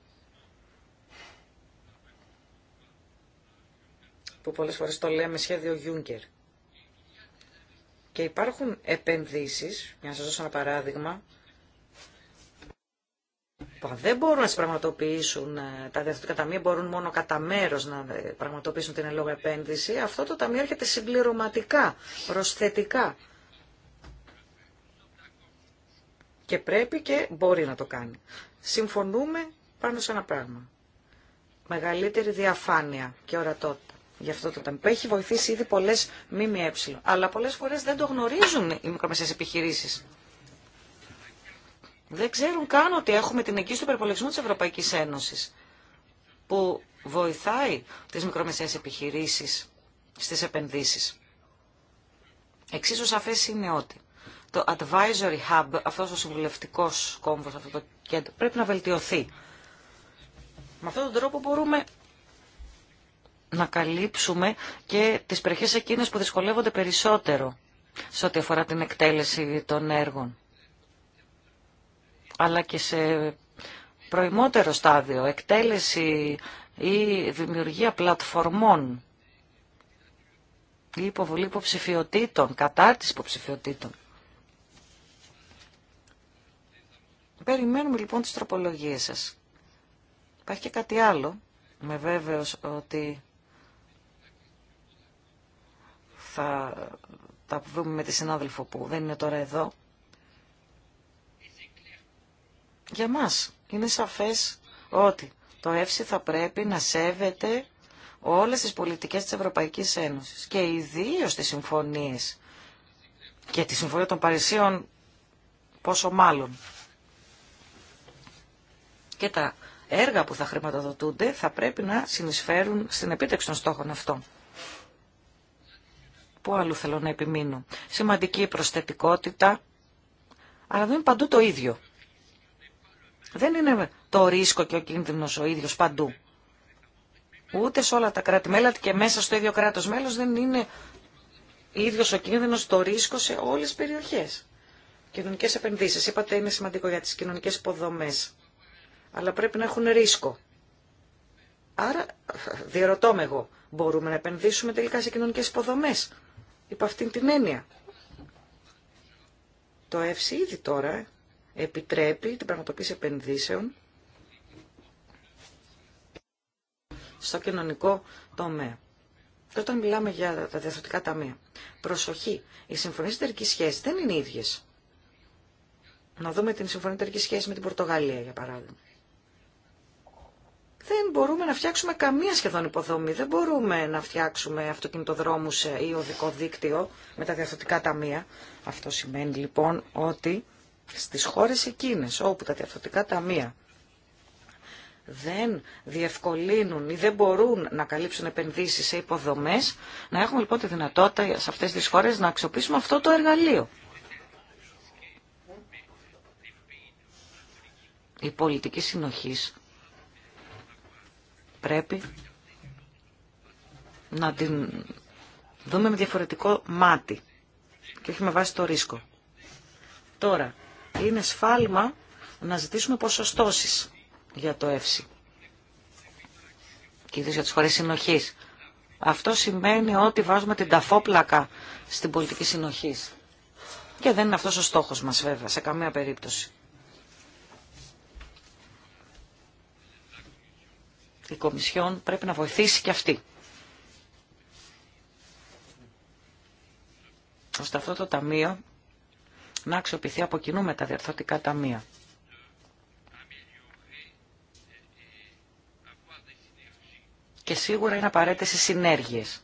που πολλές φορές το λέμε σχέδιο Juncker. Και υπάρχουν επενδύσεις, για να σας δώσω ένα παράδειγμα, που δεν μπορούν να τις πραγματοποιήσουν, ε, τα διευθυντικά ταμεία μπορούν μόνο κατά μέρο να ε, πραγματοποιήσουν την ελόγω επένδυση, αυτό το ταμείο έρχεται συμπληρωματικά, προσθετικά. Και πρέπει και μπορεί να το κάνει. Συμφωνούμε πάνω σε ένα πράγμα. Μεγαλύτερη διαφάνεια και ορατότητα για αυτό το ταμείο, έχει βοηθήσει ήδη πολλές ΜΜΕ, αλλά πολλές φορές δεν το γνωρίζουν οι μικρομεσαίες επιχειρήσεις. Δεν ξέρουν καν ότι έχουμε την εγγύηση του υπερπολογισμού τη Ευρωπαϊκή Ένωση, που βοηθάει τις μικρομεσαίες επιχειρήσεις στις επενδύσεις. Εξίσου σαφές είναι ότι το Advisory Hub, αυτός ο συμβουλευτικό κόμβος, αυτό το κέντρο, πρέπει να βελτιωθεί. Με αυτόν τον τρόπο μπορούμε να καλύψουμε και τις περιοχές εκείνες που δυσκολεύονται περισσότερο σε ό,τι αφορά την εκτέλεση των έργων. Αλλά και σε προημότερο στάδιο, εκτέλεση ή δημιουργία πλατφορμών ή υποβολή υποψηφιωτήτων, κατάρτιση υποψηφιωτήτων. Περιμένουμε λοιπόν τις τροπολογίες σας. Υπάρχει και κάτι άλλο, με βέβαιος ότι θα τα βρούμε με τη συνάδελφο που δεν είναι τώρα εδώ. Για μας είναι σαφές ότι το ΕΦΣΙ θα πρέπει να σέβεται όλες τις πολιτικές της Ευρωπαϊκής Ένωσης και ιδίως τις συμφωνίες και τη Συμφωνία των Παρισίων πόσο μάλλον. Και τα έργα που θα χρηματοδοτούνται θα πρέπει να συνεισφέρουν στην επίτευξη των στόχων αυτών. Πού άλλου θέλω να επιμείνω. Σημαντική προσθετικότητα, αλλά δεν είναι παντού το ίδιο. Δεν είναι το ρίσκο και ο κίνδυνο ο ίδιο παντού. Ούτε σε όλα τα κράτη-μέλα και μέσα στο ίδιο κράτο μέλο δεν είναι ίδιο ο κίνδυνο, το ρίσκο σε όλε τι περιοχές. Κοινωνικές επενδύσεις, είπατε είναι σημαντικό για τι κοινωνικέ υποδομέ. αλλά πρέπει να έχουν ρίσκο. Άρα, διαρωτώ με εγώ, μπορούμε να επενδύσουμε τελικά σε κοινωνικέ υποδομέ υπό αυτήν την έννοια. Το ΕΦΣΙ ήδη τώρα επιτρέπει την πραγματοποίηση επενδύσεων στο κοινωνικό τομέα. Και όταν μιλάμε για τα διαθροτικά ταμεία, προσοχή, οι συμφωνίε εταιρική σχέση δεν είναι ίδιες. Να δούμε την συμφωνία εταιρική σχέση με την Πορτογαλία, για παράδειγμα δεν μπορούμε να φτιάξουμε καμία σχεδόν υποδομή. Δεν μπορούμε να φτιάξουμε αυτοκινητοδρόμους ή οδικό δίκτυο με τα διαρθρωτικά ταμεία. Αυτό σημαίνει λοιπόν ότι στις χώρες εκείνες όπου τα διαρθρωτικά ταμεία δεν διευκολύνουν ή δεν μπορούν να καλύψουν επενδύσεις σε υποδομές, να έχουμε λοιπόν τη δυνατότητα σε αυτές τις χώρες να αξιοποιήσουμε αυτό το εργαλείο. Η δεν μπορουν να καλυψουν επενδυσεις σε υποδομε να εχουμε λοιπον τη δυνατοτητα σε αυτε τι χωρε να αξιοποιησουμε αυτο το εργαλειο η πολιτικη συνοχης πρέπει να την δούμε με διαφορετικό μάτι και όχι με βάση το ρίσκο. Τώρα, είναι σφάλμα να ζητήσουμε ποσοστώσεις για το ΕΦΣΥ και ιδίως για τις χώρες συνοχής. Αυτό σημαίνει ότι βάζουμε την ταφόπλακα στην πολιτική συνοχής. Και δεν είναι αυτός ο στόχος μας βέβαια, σε καμία περίπτωση. η Κομισιόν πρέπει να βοηθήσει και αυτή. ώστε αυτό το ταμείο να αξιοποιηθεί από κοινού με τα διαρθρωτικά ταμεία. Και σίγουρα είναι απαραίτητες οι συνέργειες.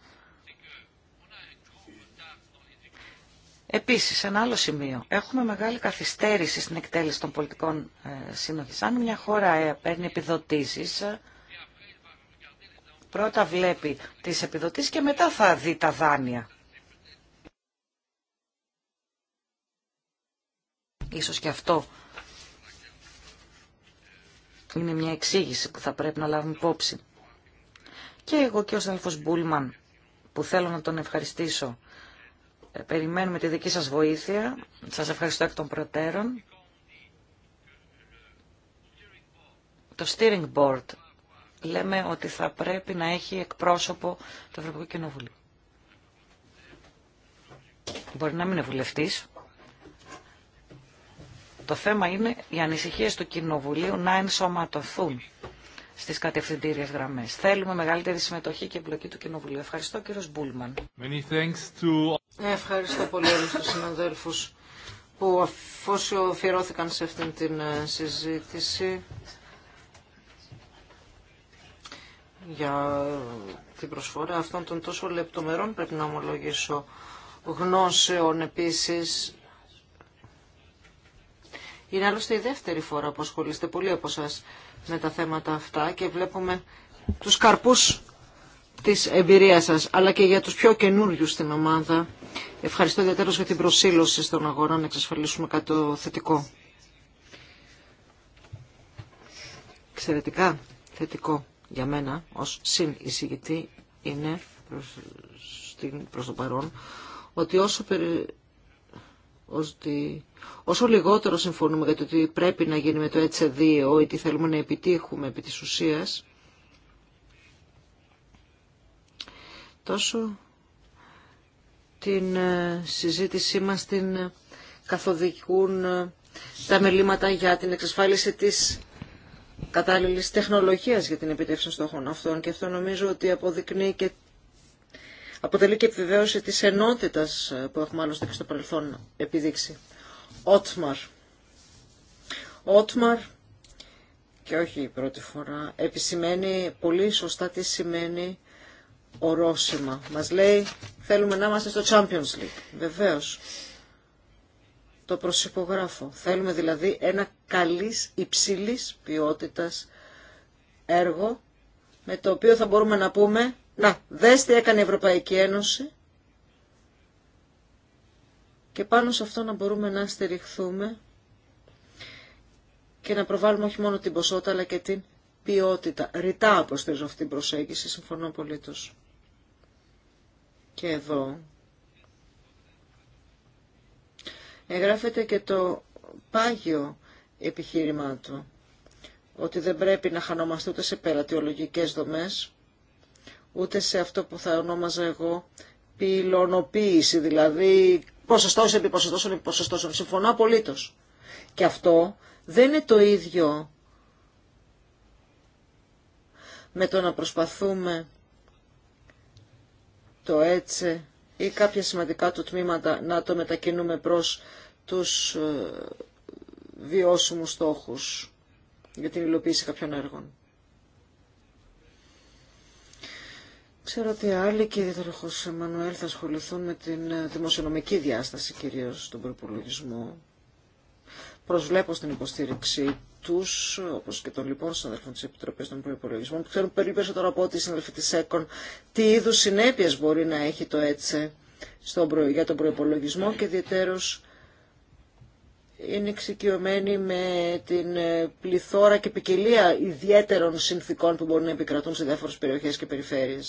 Επίσης, ένα άλλο σημείο. Έχουμε μεγάλη καθυστέρηση στην εκτέλεση των πολιτικών ε, συνοχής. Αν μια χώρα ε, παίρνει επιδοτήσεις, ε, Πρώτα βλέπει τις επιδοτήσεις και μετά θα δει τα δάνεια. Ίσως και αυτό είναι μια εξήγηση που θα πρέπει να λάβουμε υπόψη. Και εγώ και ο Σαλφος Μπούλμαν που θέλω να τον ευχαριστήσω. Ε, περιμένουμε τη δική σας βοήθεια. Σας ευχαριστώ εκ των προτέρων. Το steering board λέμε ότι θα πρέπει να έχει εκπρόσωπο το Ευρωπαϊκό Κοινοβούλιο. Μπορεί να μην είναι βουλευτής. Το θέμα είναι οι ανησυχίες του Κοινοβουλίου να ενσωματωθούν στις κατευθυντήριες γραμμές. Θέλουμε μεγαλύτερη συμμετοχή και εμπλοκή του Κοινοβουλίου. Ευχαριστώ κύριος Μπούλμαν. to... Ευχαριστώ πολύ όλους τους συναδέλφους που αφού σε αυτήν την ε, συζήτηση. για την προσφορά αυτών των τόσο λεπτομερών πρέπει να ομολογήσω γνώσεων επίσης. Είναι άλλωστε η δεύτερη φορά που ασχολείστε πολύ από εσά με τα θέματα αυτά και βλέπουμε τους καρπούς της εμπειρίας σας, αλλά και για τους πιο καινούριου στην ομάδα. Ευχαριστώ ιδιαίτερως για την προσήλωση στον αγορά να εξασφαλίσουμε κάτι θετικό. Εξαιρετικά θετικό για μένα ως συνεισηγητή είναι προς, την, προς το παρόν ότι όσο, περι, όσο λιγότερο συμφωνούμε για το τι πρέπει να γίνει με το έτσι δύο ή τι θέλουμε να επιτύχουμε επί της ουσίας, τόσο την ε, συζήτησή μας την καθοδηγούν ε, τα μελήματα για την εξασφάλιση της κατάλληλης τεχνολογίας για την επιτεύξη των στόχων αυτών και αυτό νομίζω ότι αποδεικνύει και αποτελεί και επιβεβαίωση της ενότητας που έχουμε άλλωστε και στο παρελθόν επιδείξει. Ότμαρ. Ότμαρ και όχι η πρώτη φορά, επισημαίνει πολύ σωστά τι σημαίνει ορόσημα. Μας λέει θέλουμε να είμαστε στο Champions League. Βεβαίως. Το προσυπογράφω. Θέλουμε δηλαδή ένα καλής υψηλής ποιότητας έργο με το οποίο θα μπορούμε να πούμε «Να, δες τι έκανε η Ευρωπαϊκή Ένωση» και πάνω σε αυτό να μπορούμε να στηριχθούμε και να προβάλλουμε όχι μόνο την ποσότητα αλλά και την ποιότητα. Ρητά αποστηρίζω αυτή την προσέγγιση, συμφωνώ απολύτως. Και εδώ εγγράφεται και το πάγιο επιχείρημά του, ότι δεν πρέπει να χανόμαστε ούτε σε περατιολογικές δομές, ούτε σε αυτό που θα ονόμαζα εγώ πυλωνοποίηση, δηλαδή ποσοστός επί ποσοστός, επί ποσοστό. Συμφωνώ απολύτως. Και αυτό δεν είναι το ίδιο με το να προσπαθούμε το έτσι ή κάποια σημαντικά του τμήματα να το μετακινούμε προς τους ε, βιώσιμους στόχους για την υλοποίηση κάποιων έργων. Ξέρω ότι άλλοι και ιδιαίτερο Εμμανουέλ θα ασχοληθούν με την ε, δημοσιονομική διάσταση κυρίως στον προπολογισμό. Προσβλέπω στην υποστήριξή τους, όπω και των λοιπόν συναδελφών τη Επιτροπή των Προπολογισμών, που ξέρουν πολύ περισσότερο από ό,τι οι συναδελφοί τη ΕΚΟΝ, τι είδου συνέπειε μπορεί να έχει το ΕΤΣΕ στον, για τον προπολογισμό και ιδιαίτερω είναι εξοικειωμένοι με την ε, πληθώρα και ποικιλία ιδιαίτερων συνθήκων που μπορούν να επικρατούν σε διάφορε περιοχέ και περιφέρειε.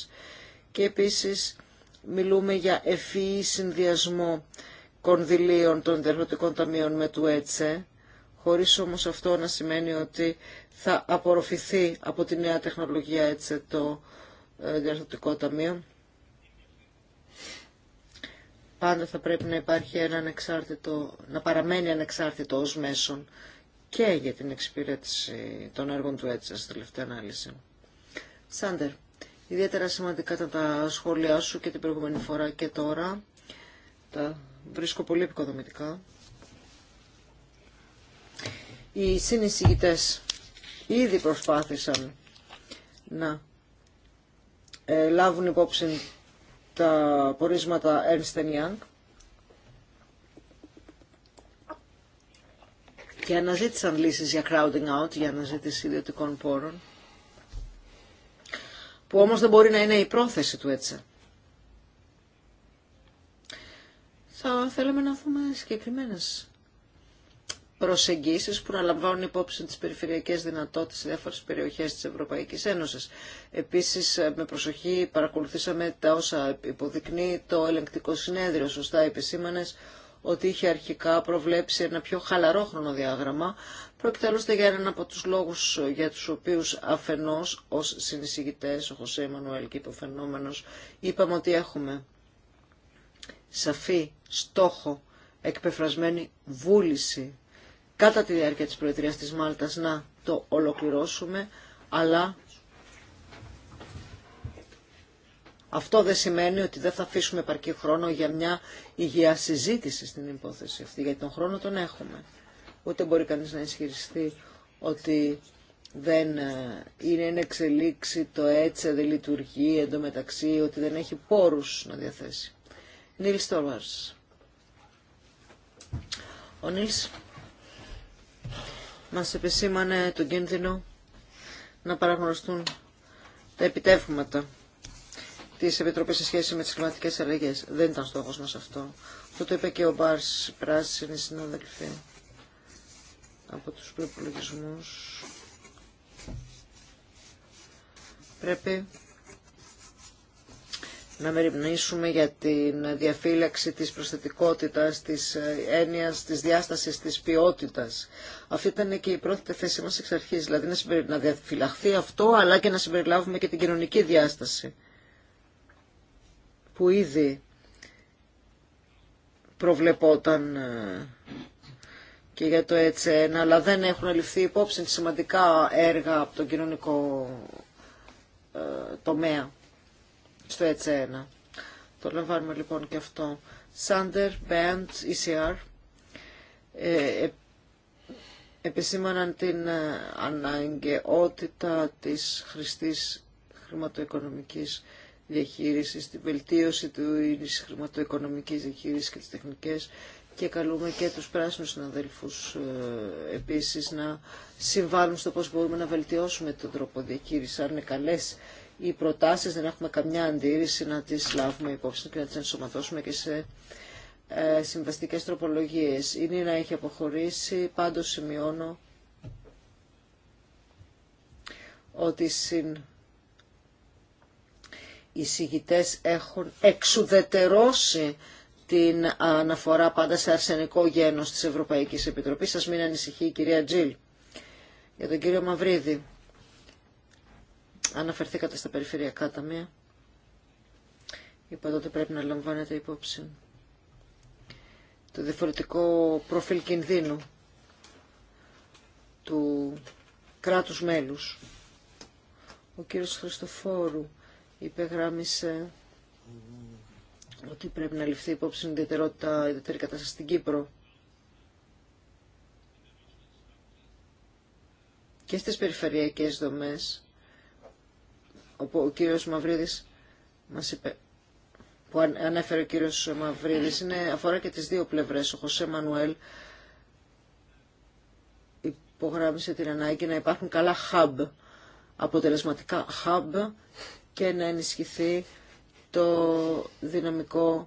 Και επίση, μιλούμε για ευφυή συνδυασμό κονδυλίων των διαρροτικών ταμείων με του ΕΤΣΕ χωρίς όμως αυτό να σημαίνει ότι θα απορροφηθεί από τη νέα τεχνολογία έτσι το ε, διαρθρωτικό ταμείο. Πάντα θα πρέπει να υπάρχει ένα ανεξάρτητο, να παραμένει ανεξάρτητο ως μέσον και για την εξυπηρέτηση των έργων του έτσι, στη τελευταία ανάλυση. Σάντερ, ιδιαίτερα σημαντικά τα σχόλιά σου και την προηγούμενη φορά και τώρα. Τα βρίσκω πολύ επικοδομητικά. Οι συνεισηγητές ήδη προσπάθησαν να ε, λάβουν υπόψη τα πορίσματα Ernst Young και αναζήτησαν λύσεις για crowding out, για αναζήτηση ιδιωτικών πόρων, που όμως δεν μπορεί να είναι η πρόθεση του έτσι. Θα θέλαμε να δούμε συγκεκριμένες προσεγγίσεις που να λαμβάνουν υπόψη τις περιφερειακές δυνατότητες σε διάφορες περιοχές της Ευρωπαϊκής Ένωσης. Επίσης, ε, με προσοχή παρακολουθήσαμε τα όσα υποδεικνύει το ελεγκτικό συνέδριο, σωστά επισήμανες, ότι είχε αρχικά προβλέψει ένα πιο χαλαρό χρονοδιάγραμμα. Πρόκειται άλλωστε για έναν από τους λόγους για τους οποίους αφενός ως συνεισηγητές, ο Χωσέ Μανουέλ και υποφαινόμενος, είπαμε ότι έχουμε σαφή στόχο, εκπεφρασμένη βούληση κατά τη διάρκεια της Προεδρίας της Μάλτας να το ολοκληρώσουμε, αλλά αυτό δεν σημαίνει ότι δεν θα αφήσουμε επαρκή χρόνο για μια υγεία συζήτηση στην υπόθεση αυτή, γιατί τον χρόνο τον έχουμε. Ούτε μπορεί κανείς να ισχυριστεί ότι δεν ε, είναι εν εξελίξη το έτσι, δεν λειτουργεί εντωμεταξύ, ότι δεν έχει πόρους να διαθέσει. Νίλ Στόρμαρς. Ο Νίλς μας επισήμανε τον κίνδυνο να παραγνωριστούν τα επιτεύγματα της Επιτροπής σε σχέση με τις κλιματικές αλλαγές. Δεν ήταν στόχος μας αυτό. Αυτό το είπε και ο Μπάρς Πράσινη συναδελφή από τους προπολογισμού. Πρέπει να μεριμνήσουμε για την διαφύλαξη της προσθετικότητας, της έννοιας, της διάστασης, της ποιότητας. Αυτή ήταν και η πρώτη θέση μας εξ αρχής, δηλαδή να, να διαφυλαχθεί αυτό, αλλά και να συμπεριλάβουμε και την κοινωνική διάσταση, που ήδη προβλεπόταν ε, και για το έτσι ένα, αλλά δεν έχουν ληφθεί υπόψη σημαντικά έργα από τον κοινωνικό ε, τομέα στο έτσι ένα, Το λαμβάνουμε λοιπόν και αυτό. Σάντερ, Μπέντ, ECR ε, επισήμαναν την ε, αναγκαιότητα της χρηστής χρηματοοικονομικής διαχείρισης, την βελτίωση του ίδιου χρηματοοικονομικής διαχείρισης και τις τεχνικές και καλούμε και τους πράσινους συναδέλφους ε, επίσης να συμβάλλουν στο πώς μπορούμε να βελτιώσουμε τον τρόπο διαχείρισης, αν είναι καλές οι προτάσεις, δεν έχουμε καμιά αντίρρηση να τις λάβουμε υπόψη και να τις ενσωματώσουμε και σε ε, συμβαστικές τροπολογίες. Είναι να έχει αποχωρήσει, πάντως σημειώνω ότι συν οι συγητές έχουν εξουδετερώσει την αναφορά πάντα σε αρσενικό γένος της Ευρωπαϊκής Επιτροπής. Σας μην ανησυχεί η κυρία Τζιλ. Για τον κύριο Μαυρίδη. Αναφερθήκατε στα περιφερειακά ταμεία. Είπατε ότι πρέπει να λαμβάνετε υπόψη το διαφορετικό προφίλ κινδύνου του κράτους μέλους. Ο κύριος Χριστοφόρου υπεγράμισε ότι πρέπει να ληφθεί υπόψη η ιδιαιτερότητα, η ιδιαίτερη κατάσταση στην Κύπρο. Και στις περιφερειακές δομές ο κύριος Μαυρίδης μας είπε, που ανέφερε ο κύριος Μαυρίδης, είναι, αφορά και τις δύο πλευρές. Ο Χωσέ Μανουέλ υπογράμμισε την ανάγκη να υπάρχουν καλά hub, αποτελεσματικά hub και να ενισχυθεί το δυναμικό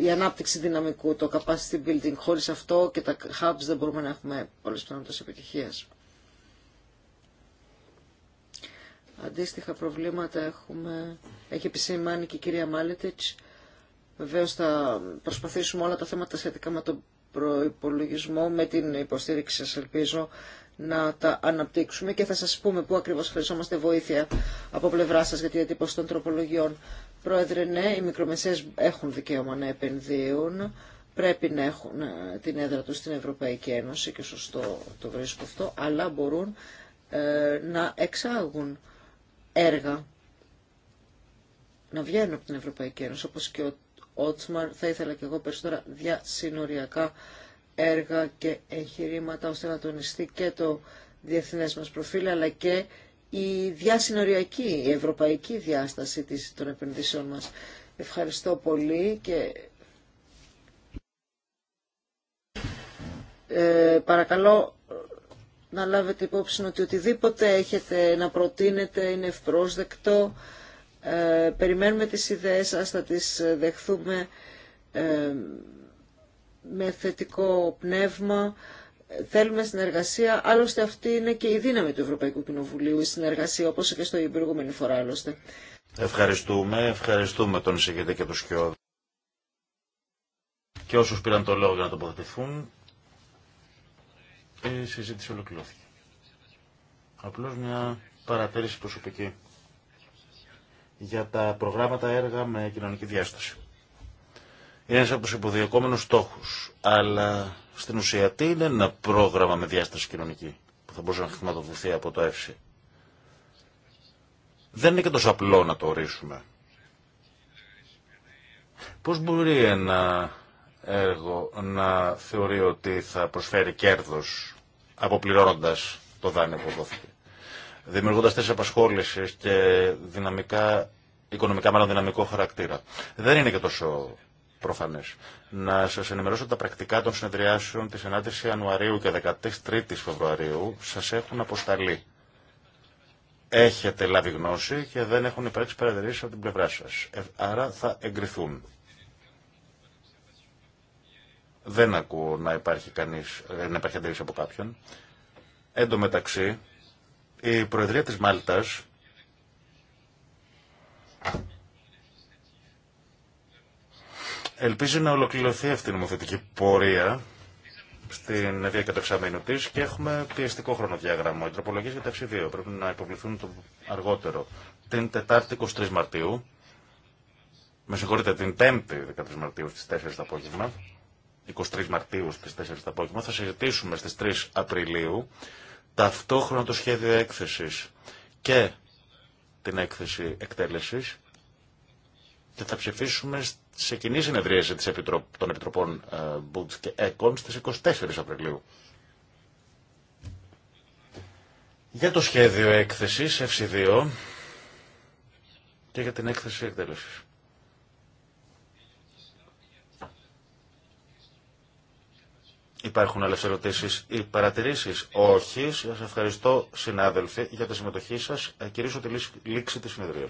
η ανάπτυξη δυναμικού, το capacity building. Χωρίς αυτό και τα hubs δεν μπορούμε να έχουμε πολλές πιθανότητες επιτυχίας. Αντίστοιχα προβλήματα έχουμε, έχει επισημάνει και η κυρία Μάλετιτς. Βεβαίως θα προσπαθήσουμε όλα τα θέματα σχετικά με τον προϋπολογισμό, με την υποστήριξη σας ελπίζω, να τα αναπτύξουμε και θα σας πούμε πού ακριβώς χρειαζόμαστε βοήθεια από πλευρά σας για τη διατύπωση των τροπολογιών. Πρόεδρε, ναι, οι μικρομεσαίες έχουν δικαίωμα να επενδύουν, πρέπει να έχουν ε, την έδρα τους στην Ευρωπαϊκή Ένωση και σωστό το βρίσκω αυτό, αλλά μπορούν ε, να εξάγουν έργα να βγαίνουν από την Ευρωπαϊκή Ένωση, όπως και ο Ότσμαρ, θα ήθελα και εγώ περισσότερα διασυνοριακά έργα και εγχειρήματα, ώστε να τονιστεί και το διεθνές μας προφίλ, αλλά και η διασυνοριακή, η ευρωπαϊκή διάσταση της, των επενδύσεων μας. Ευχαριστώ πολύ και ε, παρακαλώ να λάβετε υπόψη ότι οτιδήποτε έχετε να προτείνετε είναι ευπρόσδεκτο. Ε, περιμένουμε τις ιδέες σας, θα τις ε, δεχθούμε ε, με θετικό πνεύμα. Θέλουμε συνεργασία, άλλωστε αυτή είναι και η δύναμη του Ευρωπαϊκού Κοινοβουλίου, η συνεργασία όπως και στο προηγούμενη φορά άλλωστε. Ευχαριστούμε, ευχαριστούμε τον εισηγητή και τον Σκιώδη. Και όσους πήραν το λόγο για να τοποθετηθούν, η συζήτηση ολοκληρώθηκε. Απλώς μια παρατήρηση προσωπική για τα προγράμματα έργα με κοινωνική διάσταση. Είναι ένας από τους στόχους, αλλά στην ουσία τι είναι ένα πρόγραμμα με διάσταση κοινωνική που θα μπορούσε να χρηματοδοτηθεί από το ΕΦΣΥ. Δεν είναι και τόσο απλό να το ορίσουμε. Πώς μπορεί ένα έργο να θεωρεί ότι θα προσφέρει κέρδος αποπληρώνοντας το δάνειο που δόθηκε. Δημιουργώντας τέσσερις απασχόλησης και δυναμικά, οικονομικά μάλλον δυναμικό χαρακτήρα. Δεν είναι και τόσο προφανές. Να σας ενημερώσω τα πρακτικά των συνεδριάσεων της 9ης Ιανουαρίου και 13ης Φεβρουαρίου σας έχουν αποσταλεί. Έχετε λάβει γνώση και δεν έχουν υπάρξει παρατηρήσει από την πλευρά σας. Ε, άρα θα εγκριθούν. Δεν ακούω να υπάρχει, κανείς, να υπάρχει αντίρρηση από κάποιον. Εν τω μεταξύ, η Προεδρία της Μάλτας ελπίζει να ολοκληρωθεί αυτή η νομοθετική πορεία στην ευεία εξαμήνου τη και έχουμε πιεστικό χρονοδιάγραμμα. Οι τροπολογίες για τα πρέπει να υποβληθούν το αργότερο. Την Τετάρτη 23 Μαρτίου, με συγχωρείτε, την Πέμπτη 13 Μαρτίου στις 4 το απόγευμα, 23 Μαρτίου στις 4 το απόγευμα, θα συζητήσουμε στις 3 Απριλίου ταυτόχρονα το σχέδιο έκθεσης και την έκθεση εκτέλεσης και θα ψηφίσουμε σε κοινή συνεδρίαση της των Επιτροπών ε, Μπούτς και ΕΚΟΝ στις 24 Απριλίου. Για το σχέδιο έκθεσης και για την έκθεση εκτέλεσης. Υπάρχουν άλλε ερωτήσει ή παρατηρήσει. Όχι. Σα ευχαριστώ, συνάδελφοι, για τη συμμετοχή σα. Ε, κυρίω τη λήξη τη συνεδρία.